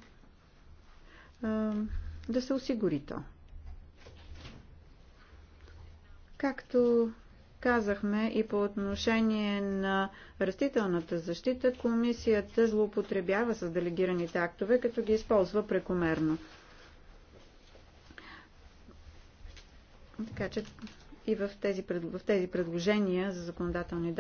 да се осигури то. Както казахме и по отношение на растителната защита, комисията злоупотребява с делегираните актове, като ги използва прекомерно. Така че и в тези, в тези предложения за законодателни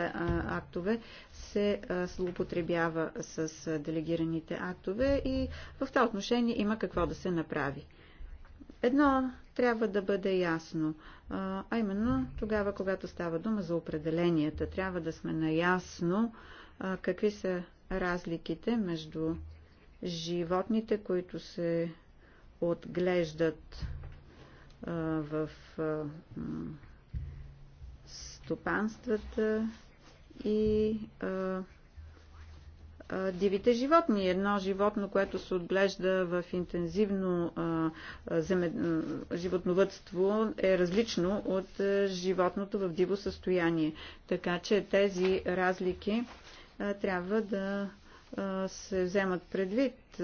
актове се злоупотребява с делегираните актове и в това отношение има какво да се направи. Едно трябва да бъде ясно, а именно тогава, когато става дума за определенията, трябва да сме наясно какви са разликите между животните, които се отглеждат в стопанствата и дивите животни. Едно животно, което се отглежда в интензивно животновътство е различно от животното в диво състояние. Така че тези разлики трябва да се вземат предвид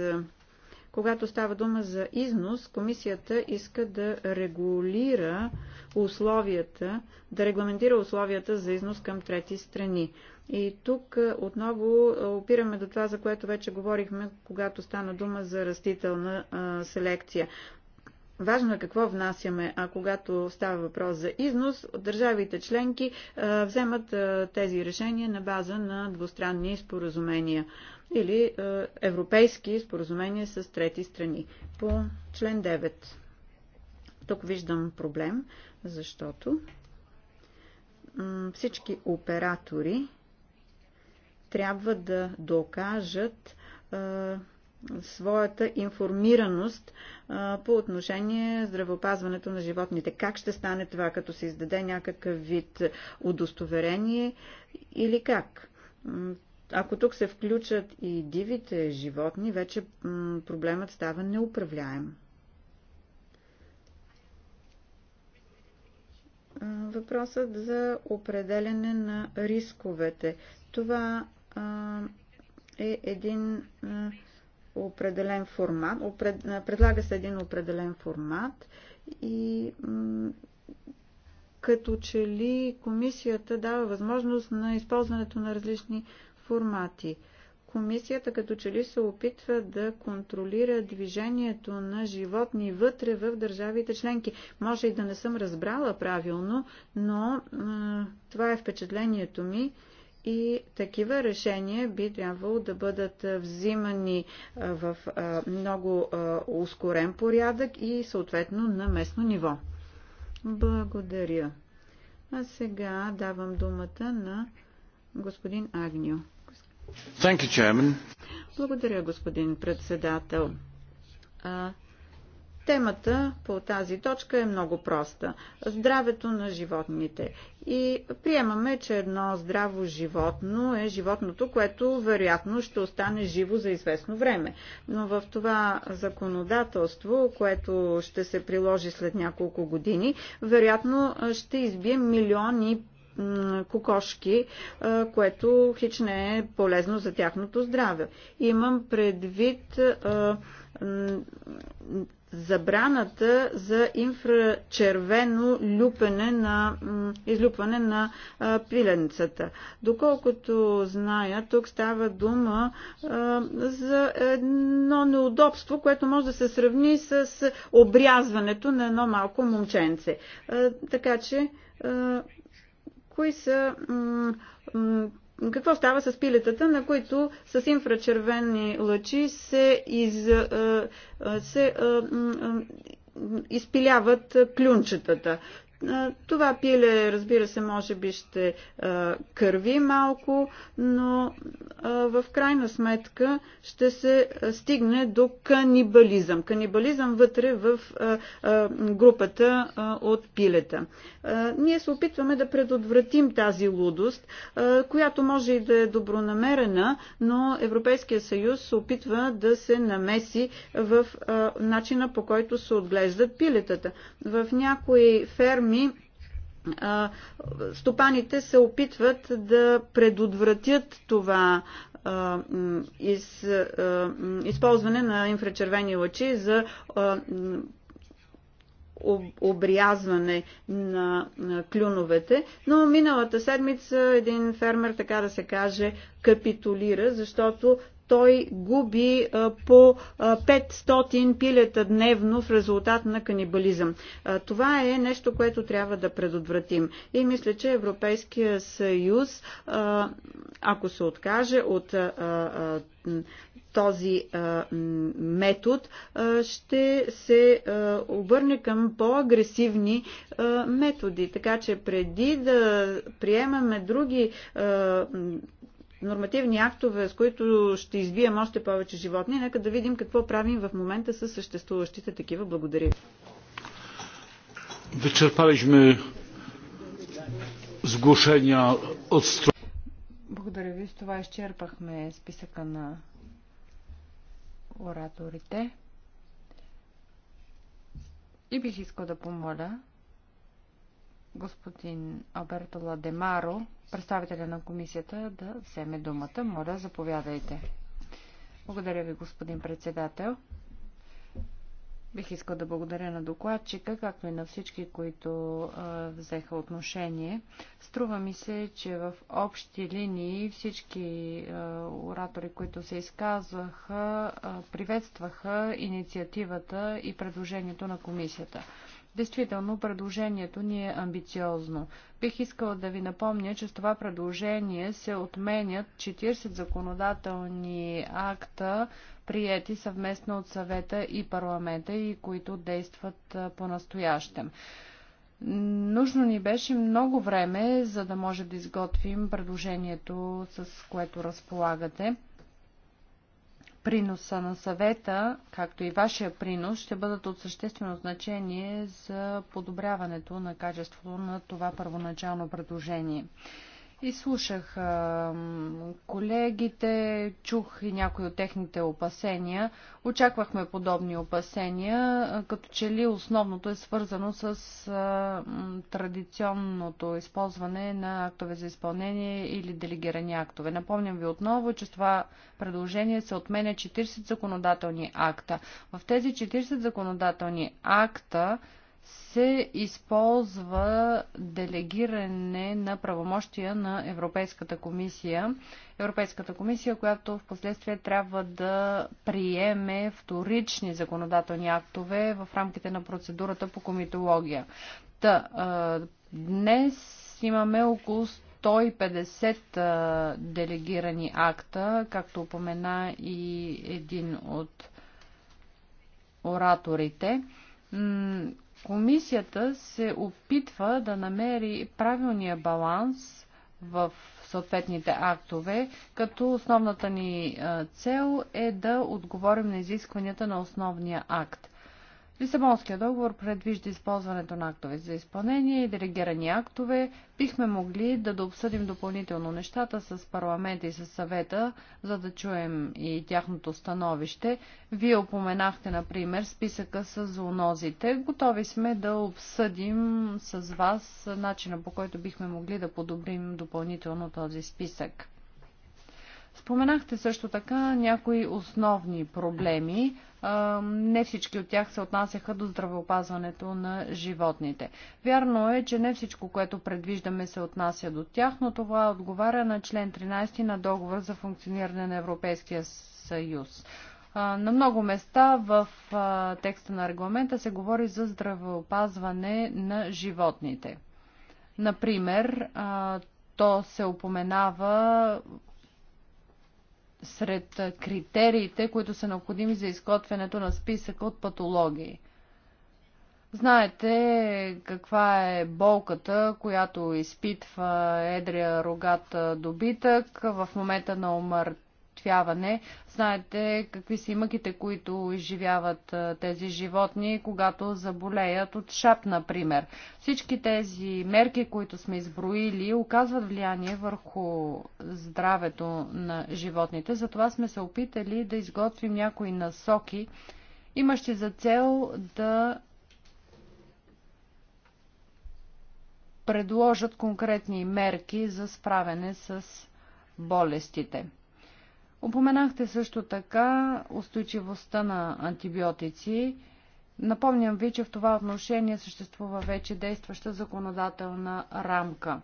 когато става дума за износ, комисията иска да регулира условията, да регламентира условията за износ към трети страни. И тук е, отново е, опираме до това, за което вече говорихме, когато стана дума за растителна селекция. Важно е какво внасяме, а когато става въпрос за износ, държавите членки вземат тези решения на база на двустранни споразумения или европейски споразумения с трети страни. По член 9. Тук виждам проблем, защото всички оператори трябва да докажат своята информираност по отношение здравеопазването на животните. Как ще стане това, като се издаде някакъв вид удостоверение или как? Ако тук се включат и дивите животни, вече проблемът става неуправляем. Въпросът за определене на рисковете. Това е един определен формат, опред, предлага се един определен формат и като че ли комисията дава възможност на използването на различни формати. Комисията като че ли се опитва да контролира движението на животни вътре в държавите членки. Може и да не съм разбрала правилно, но това е впечатлението ми и такива решения би трябвало да бъдат взимани в много ускорен порядък и съответно на местно ниво. Благодаря. А сега давам думата на господин Агнио. You, Благодаря, господин председател. Темата по тази точка е много проста. Здравето на животните. И приемаме, че едно здраво животно е животното, което вероятно ще остане живо за известно време. Но в това законодателство, което ще се приложи след няколко години, вероятно ще избие милиони кокошки, което хич не е полезно за тяхното здраве. Имам предвид забраната за инфрачервено люпене на, излюпване на пиленцата. Доколкото зная, тук става дума за едно неудобство, което може да се сравни с обрязването на едно малко момченце. Така че, кои са какво става с пилетата, на които с инфрачервени лъчи се, из, се изпиляват клюнчетата. Това пиле, разбира се, може би ще кърви малко, но в крайна сметка ще се стигне до канибализъм. Канибализъм вътре в групата от пилета. Ние се опитваме да предотвратим тази лудост, която може и да е добронамерена, но Европейския съюз се опитва да се намеси в начина по който се отглеждат пилетата. В някои ферми ферми стопаните се опитват да предотвратят това използване на инфрачервени лъчи за обрязване на клюновете, но миналата седмица един фермер, така да се каже, капитулира, защото той губи по 500 пилета дневно в резултат на канибализъм. Това е нещо, което трябва да предотвратим. И мисля, че Европейския съюз, ако се откаже от този метод, ще се обърне към по-агресивни методи. Така че преди да приемаме други нормативни актове, с които ще избием още повече животни. Нека да видим какво правим в момента с съществуващите такива. Благодаря. Вичерпалихме сглушения от Благодаря ви. С това изчерпахме списъка на ораторите. И бих искал да помоля господин Алберто Ладемаро, представителя на комисията, да вземе думата. Моля, заповядайте. Благодаря ви, господин председател. Бих искал да благодаря на докладчика, както и на всички, които а, взеха отношение. Струва ми се, че в общи линии всички а, оратори, които се изказваха, а, приветстваха инициативата и предложението на комисията. Действително, предложението ни е амбициозно. Бих искала да ви напомня, че с това предложение се отменят 40 законодателни акта, прияти съвместно от съвета и парламента и които действат по-настоящем. Нужно ни беше много време, за да може да изготвим предложението, с което разполагате приноса на съвета, както и вашия принос, ще бъдат от съществено значение за подобряването на качеството на това първоначално предложение. Изслушах колегите, чух и някои от техните опасения. Очаквахме подобни опасения, като че ли основното е свързано с традиционното използване на актове за изпълнение или делегирани актове. Напомням ви отново, че с това предложение се отменя 40 законодателни акта. В тези 40 законодателни акта се използва делегиране на правомощия на Европейската комисия. Европейската комисия, която в последствие трябва да приеме вторични законодателни актове в рамките на процедурата по комитология. Та, днес имаме около 150 делегирани акта, както упомена и един от ораторите Комисията се опитва да намери правилния баланс в съответните актове, като основната ни цел е да отговорим на изискванията на основния акт. Лисабонския договор предвижда използването на актове за изпълнение и делегирани актове. Бихме могли да дообсъдим допълнително нещата с парламента и с съвета, за да чуем и тяхното становище. Вие опоменахте, например, списъка с зоонозите. Готови сме да обсъдим с вас начина по който бихме могли да подобрим допълнително този списък. Споменахте също така някои основни проблеми. Не всички от тях се отнасяха до здравеопазването на животните. Вярно е, че не всичко, което предвиждаме, се отнася до тях, но това отговаря на член 13 на договор за функциониране на Европейския съюз. На много места в текста на регламента се говори за здравеопазване на животните. Например, то се опоменава сред критериите, които са необходими за изготвянето на списъка от патологии. Знаете каква е болката, която изпитва едрия рогат добитък в момента на умърт умъртвяване. Знаете какви са имаките, които изживяват тези животни, когато заболеят от шап, например. Всички тези мерки, които сме изброили, оказват влияние върху здравето на животните. Затова сме се опитали да изготвим някои насоки, имащи за цел да предложат конкретни мерки за справяне с болестите. Упоменахте също така устойчивостта на антибиотици. Напомням ви, че в това отношение съществува вече действаща законодателна рамка.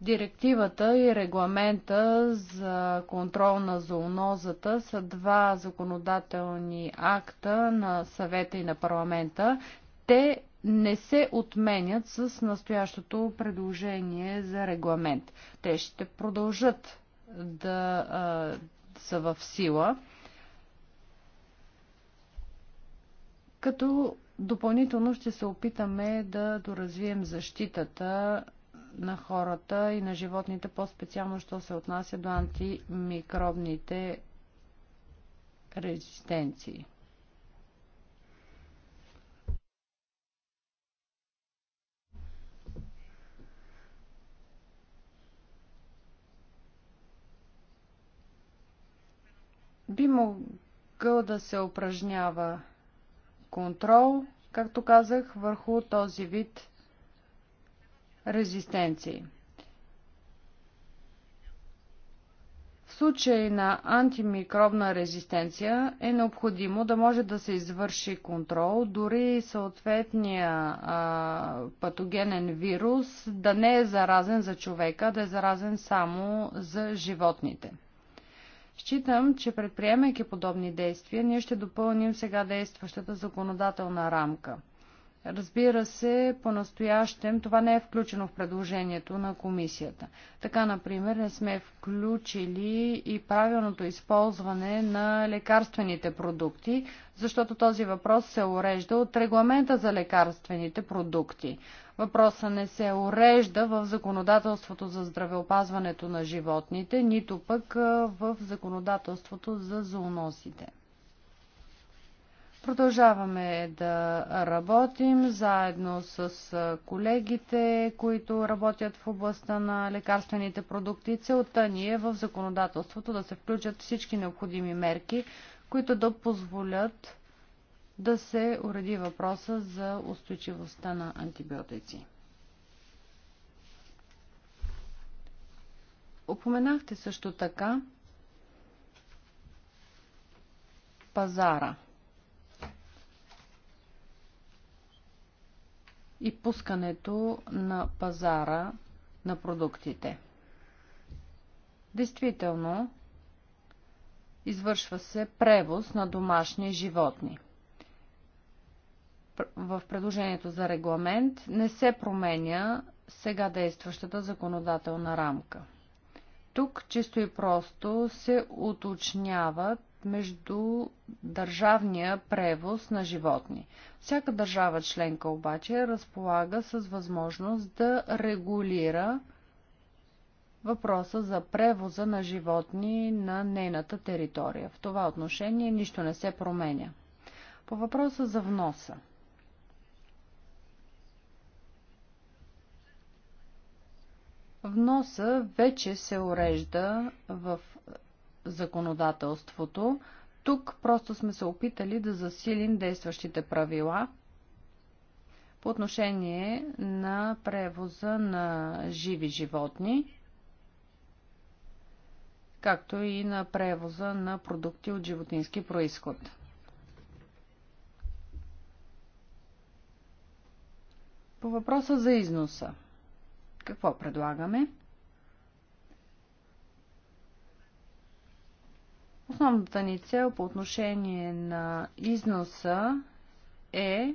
Директивата и регламента за контрол на зоонозата са два законодателни акта на съвета и на парламента. Те не се отменят с настоящото предложение за регламент. Те ще продължат да са в сила, като допълнително ще се опитаме да доразвием защитата на хората и на животните, по-специално, що се отнася до антимикробните резистенции. Би могъл да се упражнява контрол, както казах, върху този вид резистенции. В случай на антимикробна резистенция е необходимо да може да се извърши контрол, дори съответния а, патогенен вирус да не е заразен за човека, да е заразен само за животните. Считам, че предприемайки подобни действия, ние ще допълним сега действащата законодателна рамка – Разбира се, по-настоящем това не е включено в предложението на комисията. Така, например, не сме включили и правилното използване на лекарствените продукти, защото този въпрос се урежда от регламента за лекарствените продукти. Въпросът не се урежда в законодателството за здравеопазването на животните, нито пък в законодателството за зооносите. Продължаваме да работим заедно с колегите, които работят в областта на лекарствените продукти. Целта ни е в законодателството да се включат всички необходими мерки, които да позволят да се уреди въпроса за устойчивостта на антибиотици. Опоменахте също така пазара – и пускането на пазара на продуктите. Действително, извършва се превоз на домашни животни. В предложението за регламент не се променя сега действащата законодателна рамка. Тук чисто и просто се уточняват между държавния превоз на животни. Всяка държава членка обаче разполага с възможност да регулира въпроса за превоза на животни на нейната територия. В това отношение нищо не се променя. По въпроса за вноса. Вноса вече се урежда в законодателството. Тук просто сме се опитали да засилим действащите правила по отношение на превоза на живи животни, както и на превоза на продукти от животински происход. По въпроса за износа. Какво предлагаме? Основната ни цел по отношение на износа е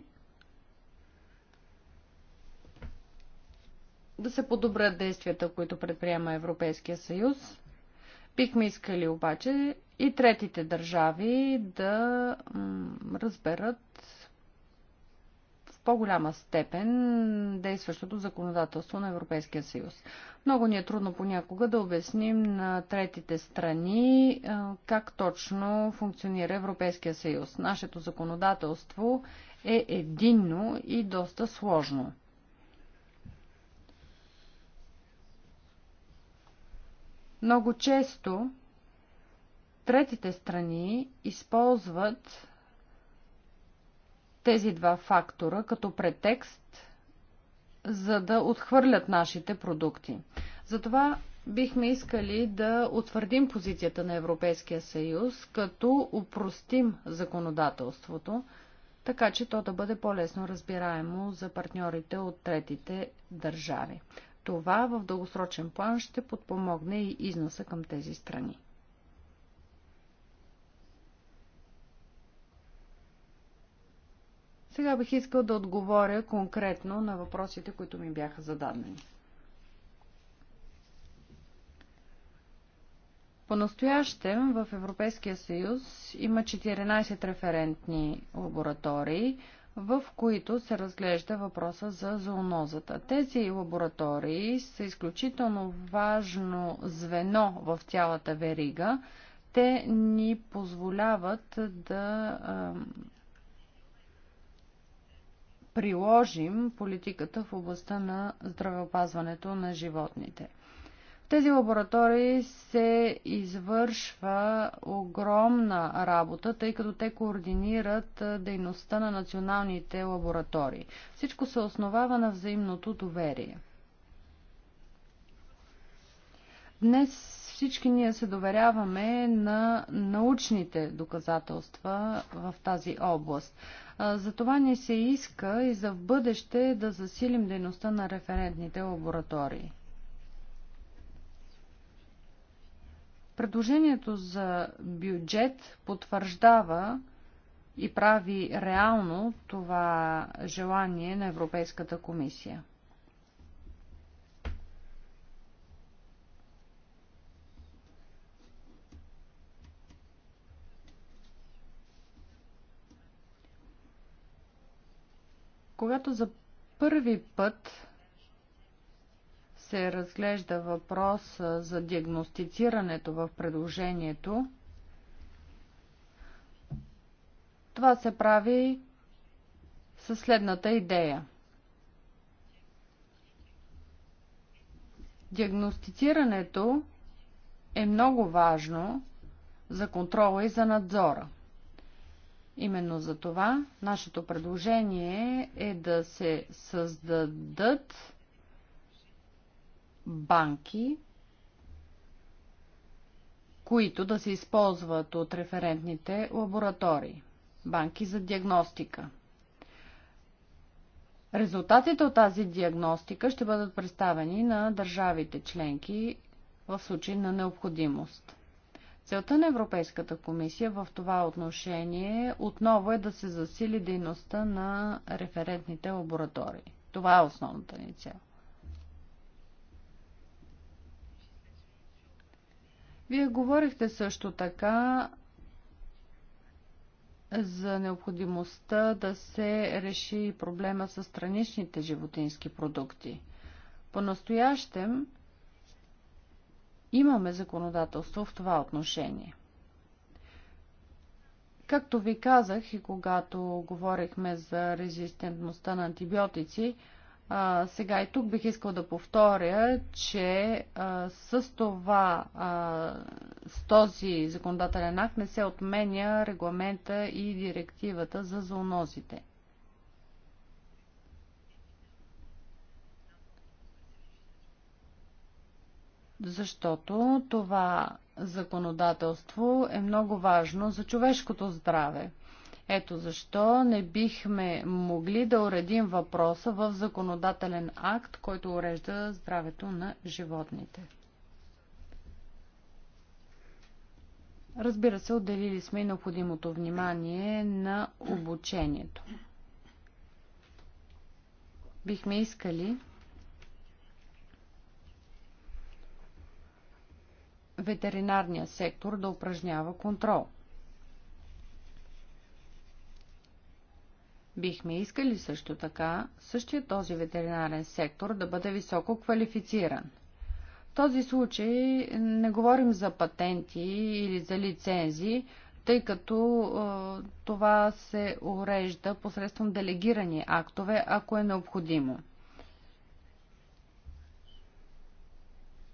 да се подобрят действията, които предприема Европейския съюз. Бихме искали обаче и третите държави да разберат по-голяма степен действащото законодателство на Европейския съюз. Много ни е трудно понякога да обясним на третите страни как точно функционира Европейския съюз. Нашето законодателство е единно и доста сложно. Много често третите страни използват тези два фактора като претекст, за да отхвърлят нашите продукти. Затова бихме искали да утвърдим позицията на Европейския съюз, като упростим законодателството, така че то да бъде по-лесно разбираемо за партньорите от третите държави. Това в дългосрочен план ще подпомогне и износа към тези страни. Сега бих искал да отговоря конкретно на въпросите, които ми бяха зададени. по в Европейския съюз има 14 референтни лаборатории, в които се разглежда въпроса за зоонозата. Тези лаборатории са изключително важно звено в цялата верига. Те ни позволяват да приложим политиката в областта на здравеопазването на животните. В тези лаборатории се извършва огромна работа, тъй като те координират дейността на националните лаборатории. Всичко се основава на взаимното доверие. Днес всички ние се доверяваме на научните доказателства в тази област. Затова ни се иска и за в бъдеще да засилим дейността на референтните лаборатории. Предложението за бюджет потвърждава и прави реално това желание на Европейската комисия. Когато за първи път се разглежда въпрос за диагностицирането в предложението, това се прави със следната идея. Диагностицирането е много важно за контрола и за надзора. Именно за това нашето предложение е да се създадат банки, които да се използват от референтните лаборатории, банки за диагностика. Резултатите от тази диагностика ще бъдат представени на държавите членки в случай на необходимост. Целта на Европейската комисия в това отношение отново е да се засили дейността на референтните лаборатории. Това е основната ни цел. Вие говорихте също така за необходимостта да се реши проблема с страничните животински продукти. По-настоящем Имаме законодателство в това отношение. Както ви казах и когато говорихме за резистентността на антибиотици, а, сега и тук бих искал да повторя, че а, с това, а, с този законодателен акт не се отменя регламента и директивата за зоонозите. защото това законодателство е много важно за човешкото здраве. Ето защо не бихме могли да уредим въпроса в законодателен акт, който урежда здравето на животните. Разбира се, отделили сме и необходимото внимание на обучението. Бихме искали ветеринарния сектор да упражнява контрол. Бихме искали също така същия този ветеринарен сектор да бъде високо квалифициран. В този случай не говорим за патенти или за лицензи, тъй като е, това се урежда посредством делегирани актове, ако е необходимо.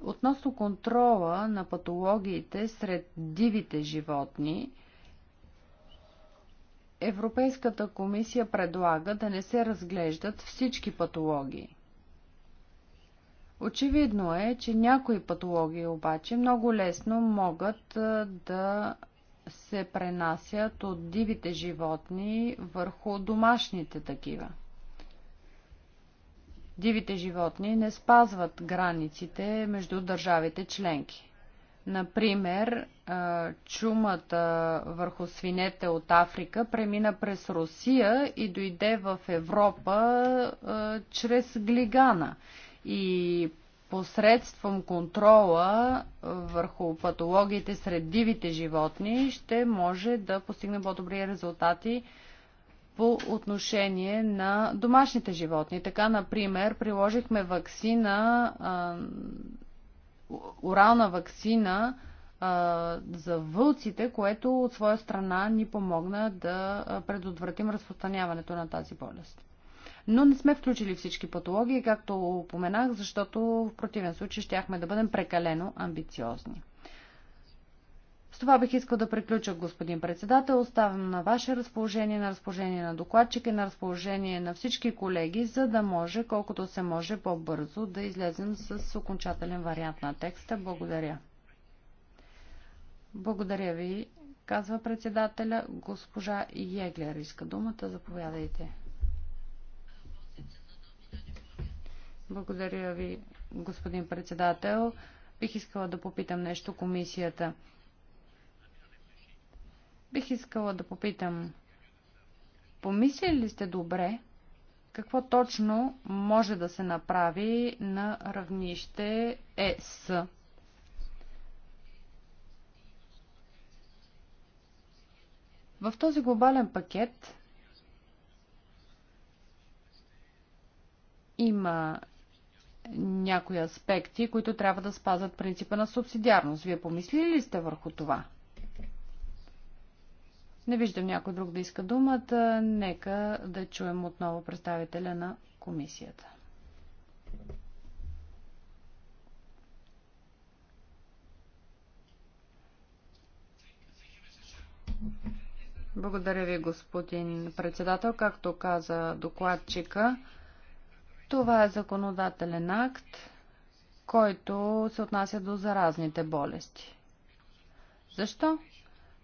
Относно контрола на патологиите сред дивите животни, Европейската комисия предлага да не се разглеждат всички патологии. Очевидно е, че някои патологии обаче много лесно могат да се пренасят от дивите животни върху домашните такива. Дивите животни не спазват границите между държавите членки. Например, чумата върху свинете от Африка премина през Русия и дойде в Европа чрез Глигана. И посредством контрола върху патологиите сред дивите животни ще може да постигне по-добри резултати по отношение на домашните животни. Така, например, приложихме вакцина, урална вакцина за вълците, което от своя страна ни помогна да предотвратим разпространяването на тази болест. Но не сме включили всички патологии, както упоменах, защото в противен случай щяхме да бъдем прекалено амбициозни това бих искал да приключа, господин председател. Оставям на ваше разположение, на разположение на докладчик и на разположение на всички колеги, за да може, колкото се може по-бързо, да излезем с окончателен вариант на текста. Благодаря. Благодаря ви, казва председателя. Госпожа Еглер иска думата. Заповядайте. Благодаря ви, господин председател. Бих искала да попитам нещо комисията. Бих искала да попитам, помислили ли сте добре какво точно може да се направи на равнище ЕС? В този глобален пакет има някои аспекти, които трябва да спазват принципа на субсидиарност. Вие помислили ли сте върху това? Не виждам някой друг да иска думата. Нека да чуем отново представителя на комисията. Благодаря ви, господин председател. Както каза докладчика, това е законодателен акт, който се отнася до заразните болести. Защо?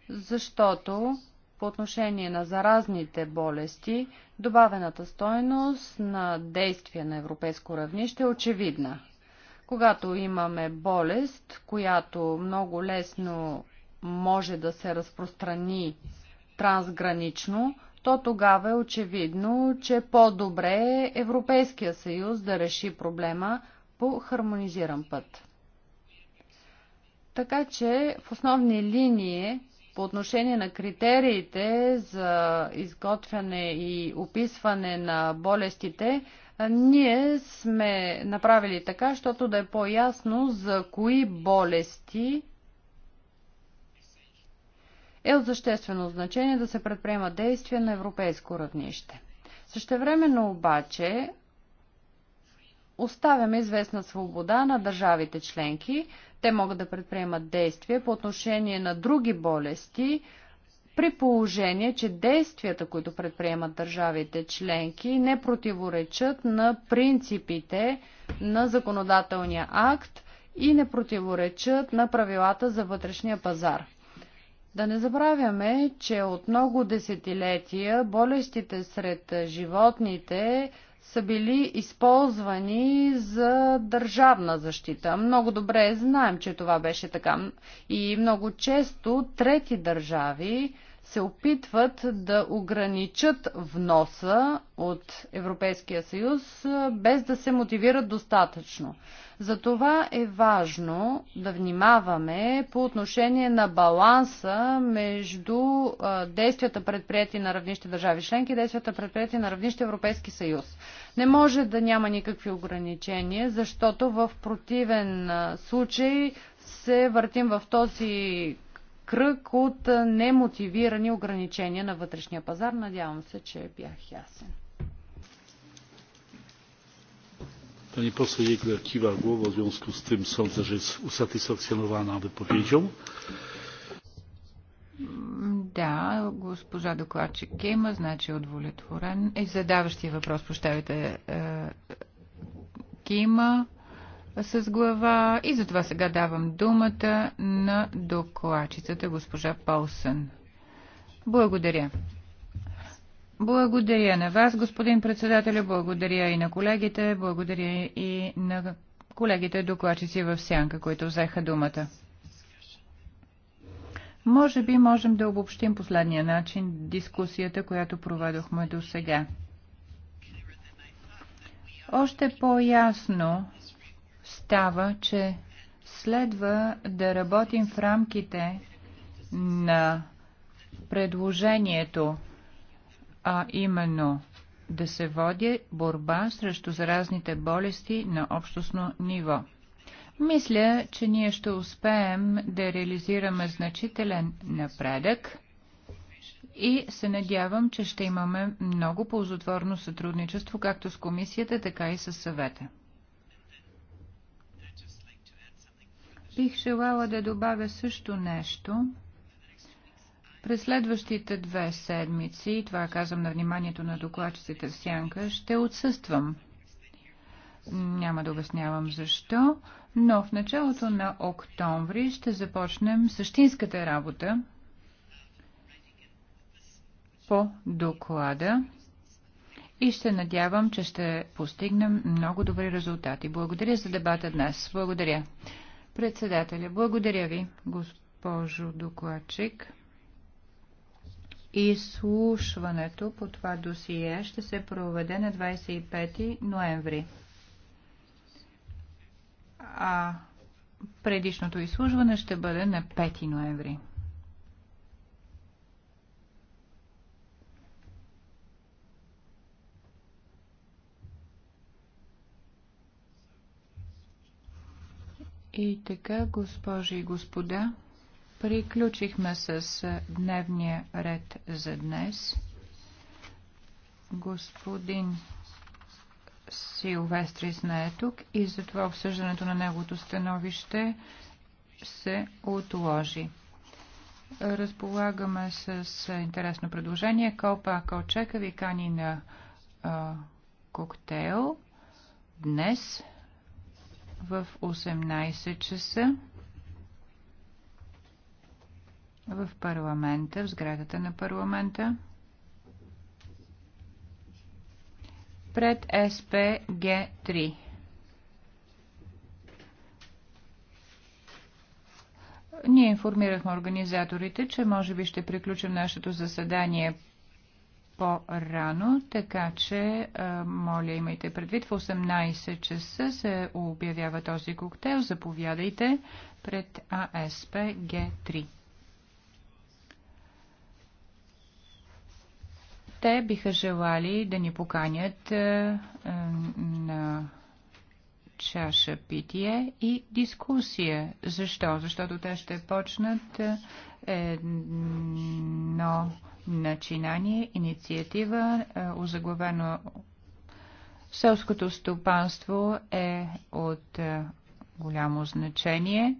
Защото по отношение на заразните болести, добавената стойност на действие на европейско равнище е очевидна. Когато имаме болест, която много лесно може да се разпространи трансгранично, то тогава е очевидно, че по-добре е Европейския съюз да реши проблема по хармонизиран път. Така че в основни линии по отношение на критериите за изготвяне и описване на болестите, ние сме направили така, защото да е по-ясно за кои болести е от съществено значение да се предприема действия на европейско равнище. Същевременно обаче оставяме известна свобода на държавите членки. Те могат да предприемат действия по отношение на други болести, при положение, че действията, които предприемат държавите членки, не противоречат на принципите на законодателния акт и не противоречат на правилата за вътрешния пазар. Да не забравяме, че от много десетилетия болестите сред животните са били използвани за държавна защита. Много добре знаем, че това беше така. И много често трети държави се опитват да ограничат вноса от Европейския съюз, без да се мотивират достатъчно. Затова е важно да внимаваме по отношение на баланса между действията предприяти на равнище държави членки и действията предприяти на равнище Европейски съюз. Не може да няма никакви ограничения, защото в противен случай се въртим в този кръг от немотивирани ограничения на вътрешния пазар. Надявам се, че бях ясен. Pani poseł Jegler kiwa głową, w związku z tym sądzę, że jest usatysfakcjonowana wypowiedzią. Да, госпожа докладчик има, значи удовлетворен. И задаващия въпрос, прощавайте, е, Кима с глава и затова сега давам думата на докладчицата госпожа Полсън. Благодаря. Благодаря на вас, господин председателя, благодаря и на колегите, благодаря и на колегите докладчици в сянка, които взеха думата. Може би можем да обобщим последния начин дискусията, която проведохме до сега. Още по-ясно става, че следва да работим в рамките на предложението, а именно да се води борба срещу заразните болести на общностно ниво. Мисля, че ние ще успеем да реализираме значителен напредък и се надявам, че ще имаме много ползотворно сътрудничество както с комисията, така и с съвета. Бих желала да добавя също нещо. През следващите две седмици, това казвам на вниманието на докладчиците в Сянка, ще отсъствам. Няма да обяснявам защо, но в началото на октомври ще започнем същинската работа по доклада и ще надявам, че ще постигнем много добри резултати. Благодаря за дебата днес. Благодаря. Председателя, благодаря ви, госпожо докладчик. Изслушването по това досие ще се проведе на 25 ноември. А предишното изслужване ще бъде на 5 ноември. И така, госпожи и господа, приключихме с дневния ред за днес. Господин Силвестрис не е тук и затова обсъждането на неговото становище се отложи. Разполагаме с интересно предложение. Колпа Калчека ви кани на а, коктейл днес в 18 часа в парламента, в сградата на парламента, пред СПГ-3. Ние информирахме организаторите, че може би ще приключим нашето заседание по-рано, така че, моля, имайте предвид, в 18 часа се обявява този коктейл. Заповядайте пред АСП Г3. Те биха желали да ни поканят на чаша питие и дискусия. Защо? Защото те ще почнат едно начинание, инициатива, е, озаглавено Селското стопанство е от е, голямо значение.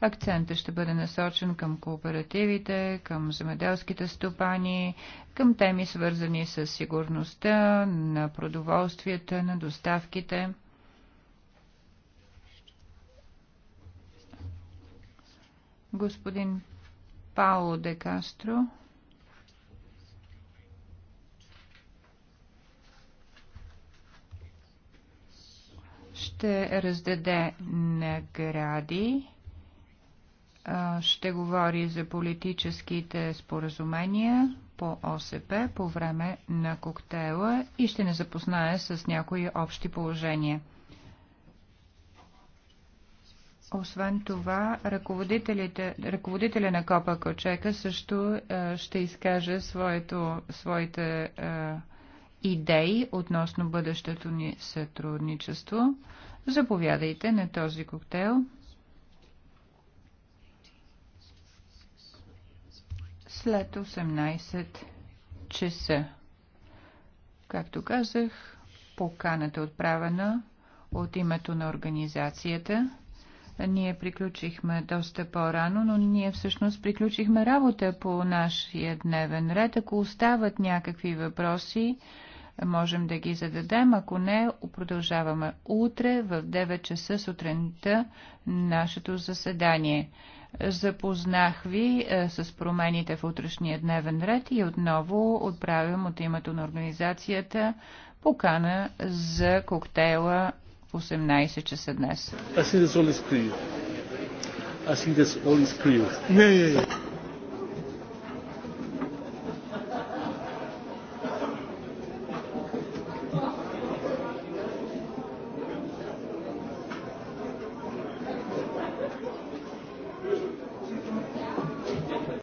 Акцентът ще бъде насочен към кооперативите, към земеделските стопани, към теми свързани с сигурността на продоволствията, на доставките. Господин Пауло де Кастро. ще раздаде награди, ще говори за политическите споразумения по ОСП по време на коктейла и ще не запознае с някои общи положения. Освен това, ръководителя на Копа Кочека също ще изкаже своето, своите е, идеи относно бъдещето ни сътрудничество. Заповядайте на този коктейл. След 18 часа. Както казах, поканата е отправена от името на организацията. Ние приключихме доста по-рано, но ние всъщност приключихме работа по нашия дневен ред. Ако остават някакви въпроси, можем да ги зададем. Ако не, продължаваме утре в 9 часа сутринта нашето заседание. Запознах ви е, с промените в утрешния дневен ред и отново отправям от името на организацията покана за коктейла в 18 часа днес. Аз си да Аз си да Не, не, не.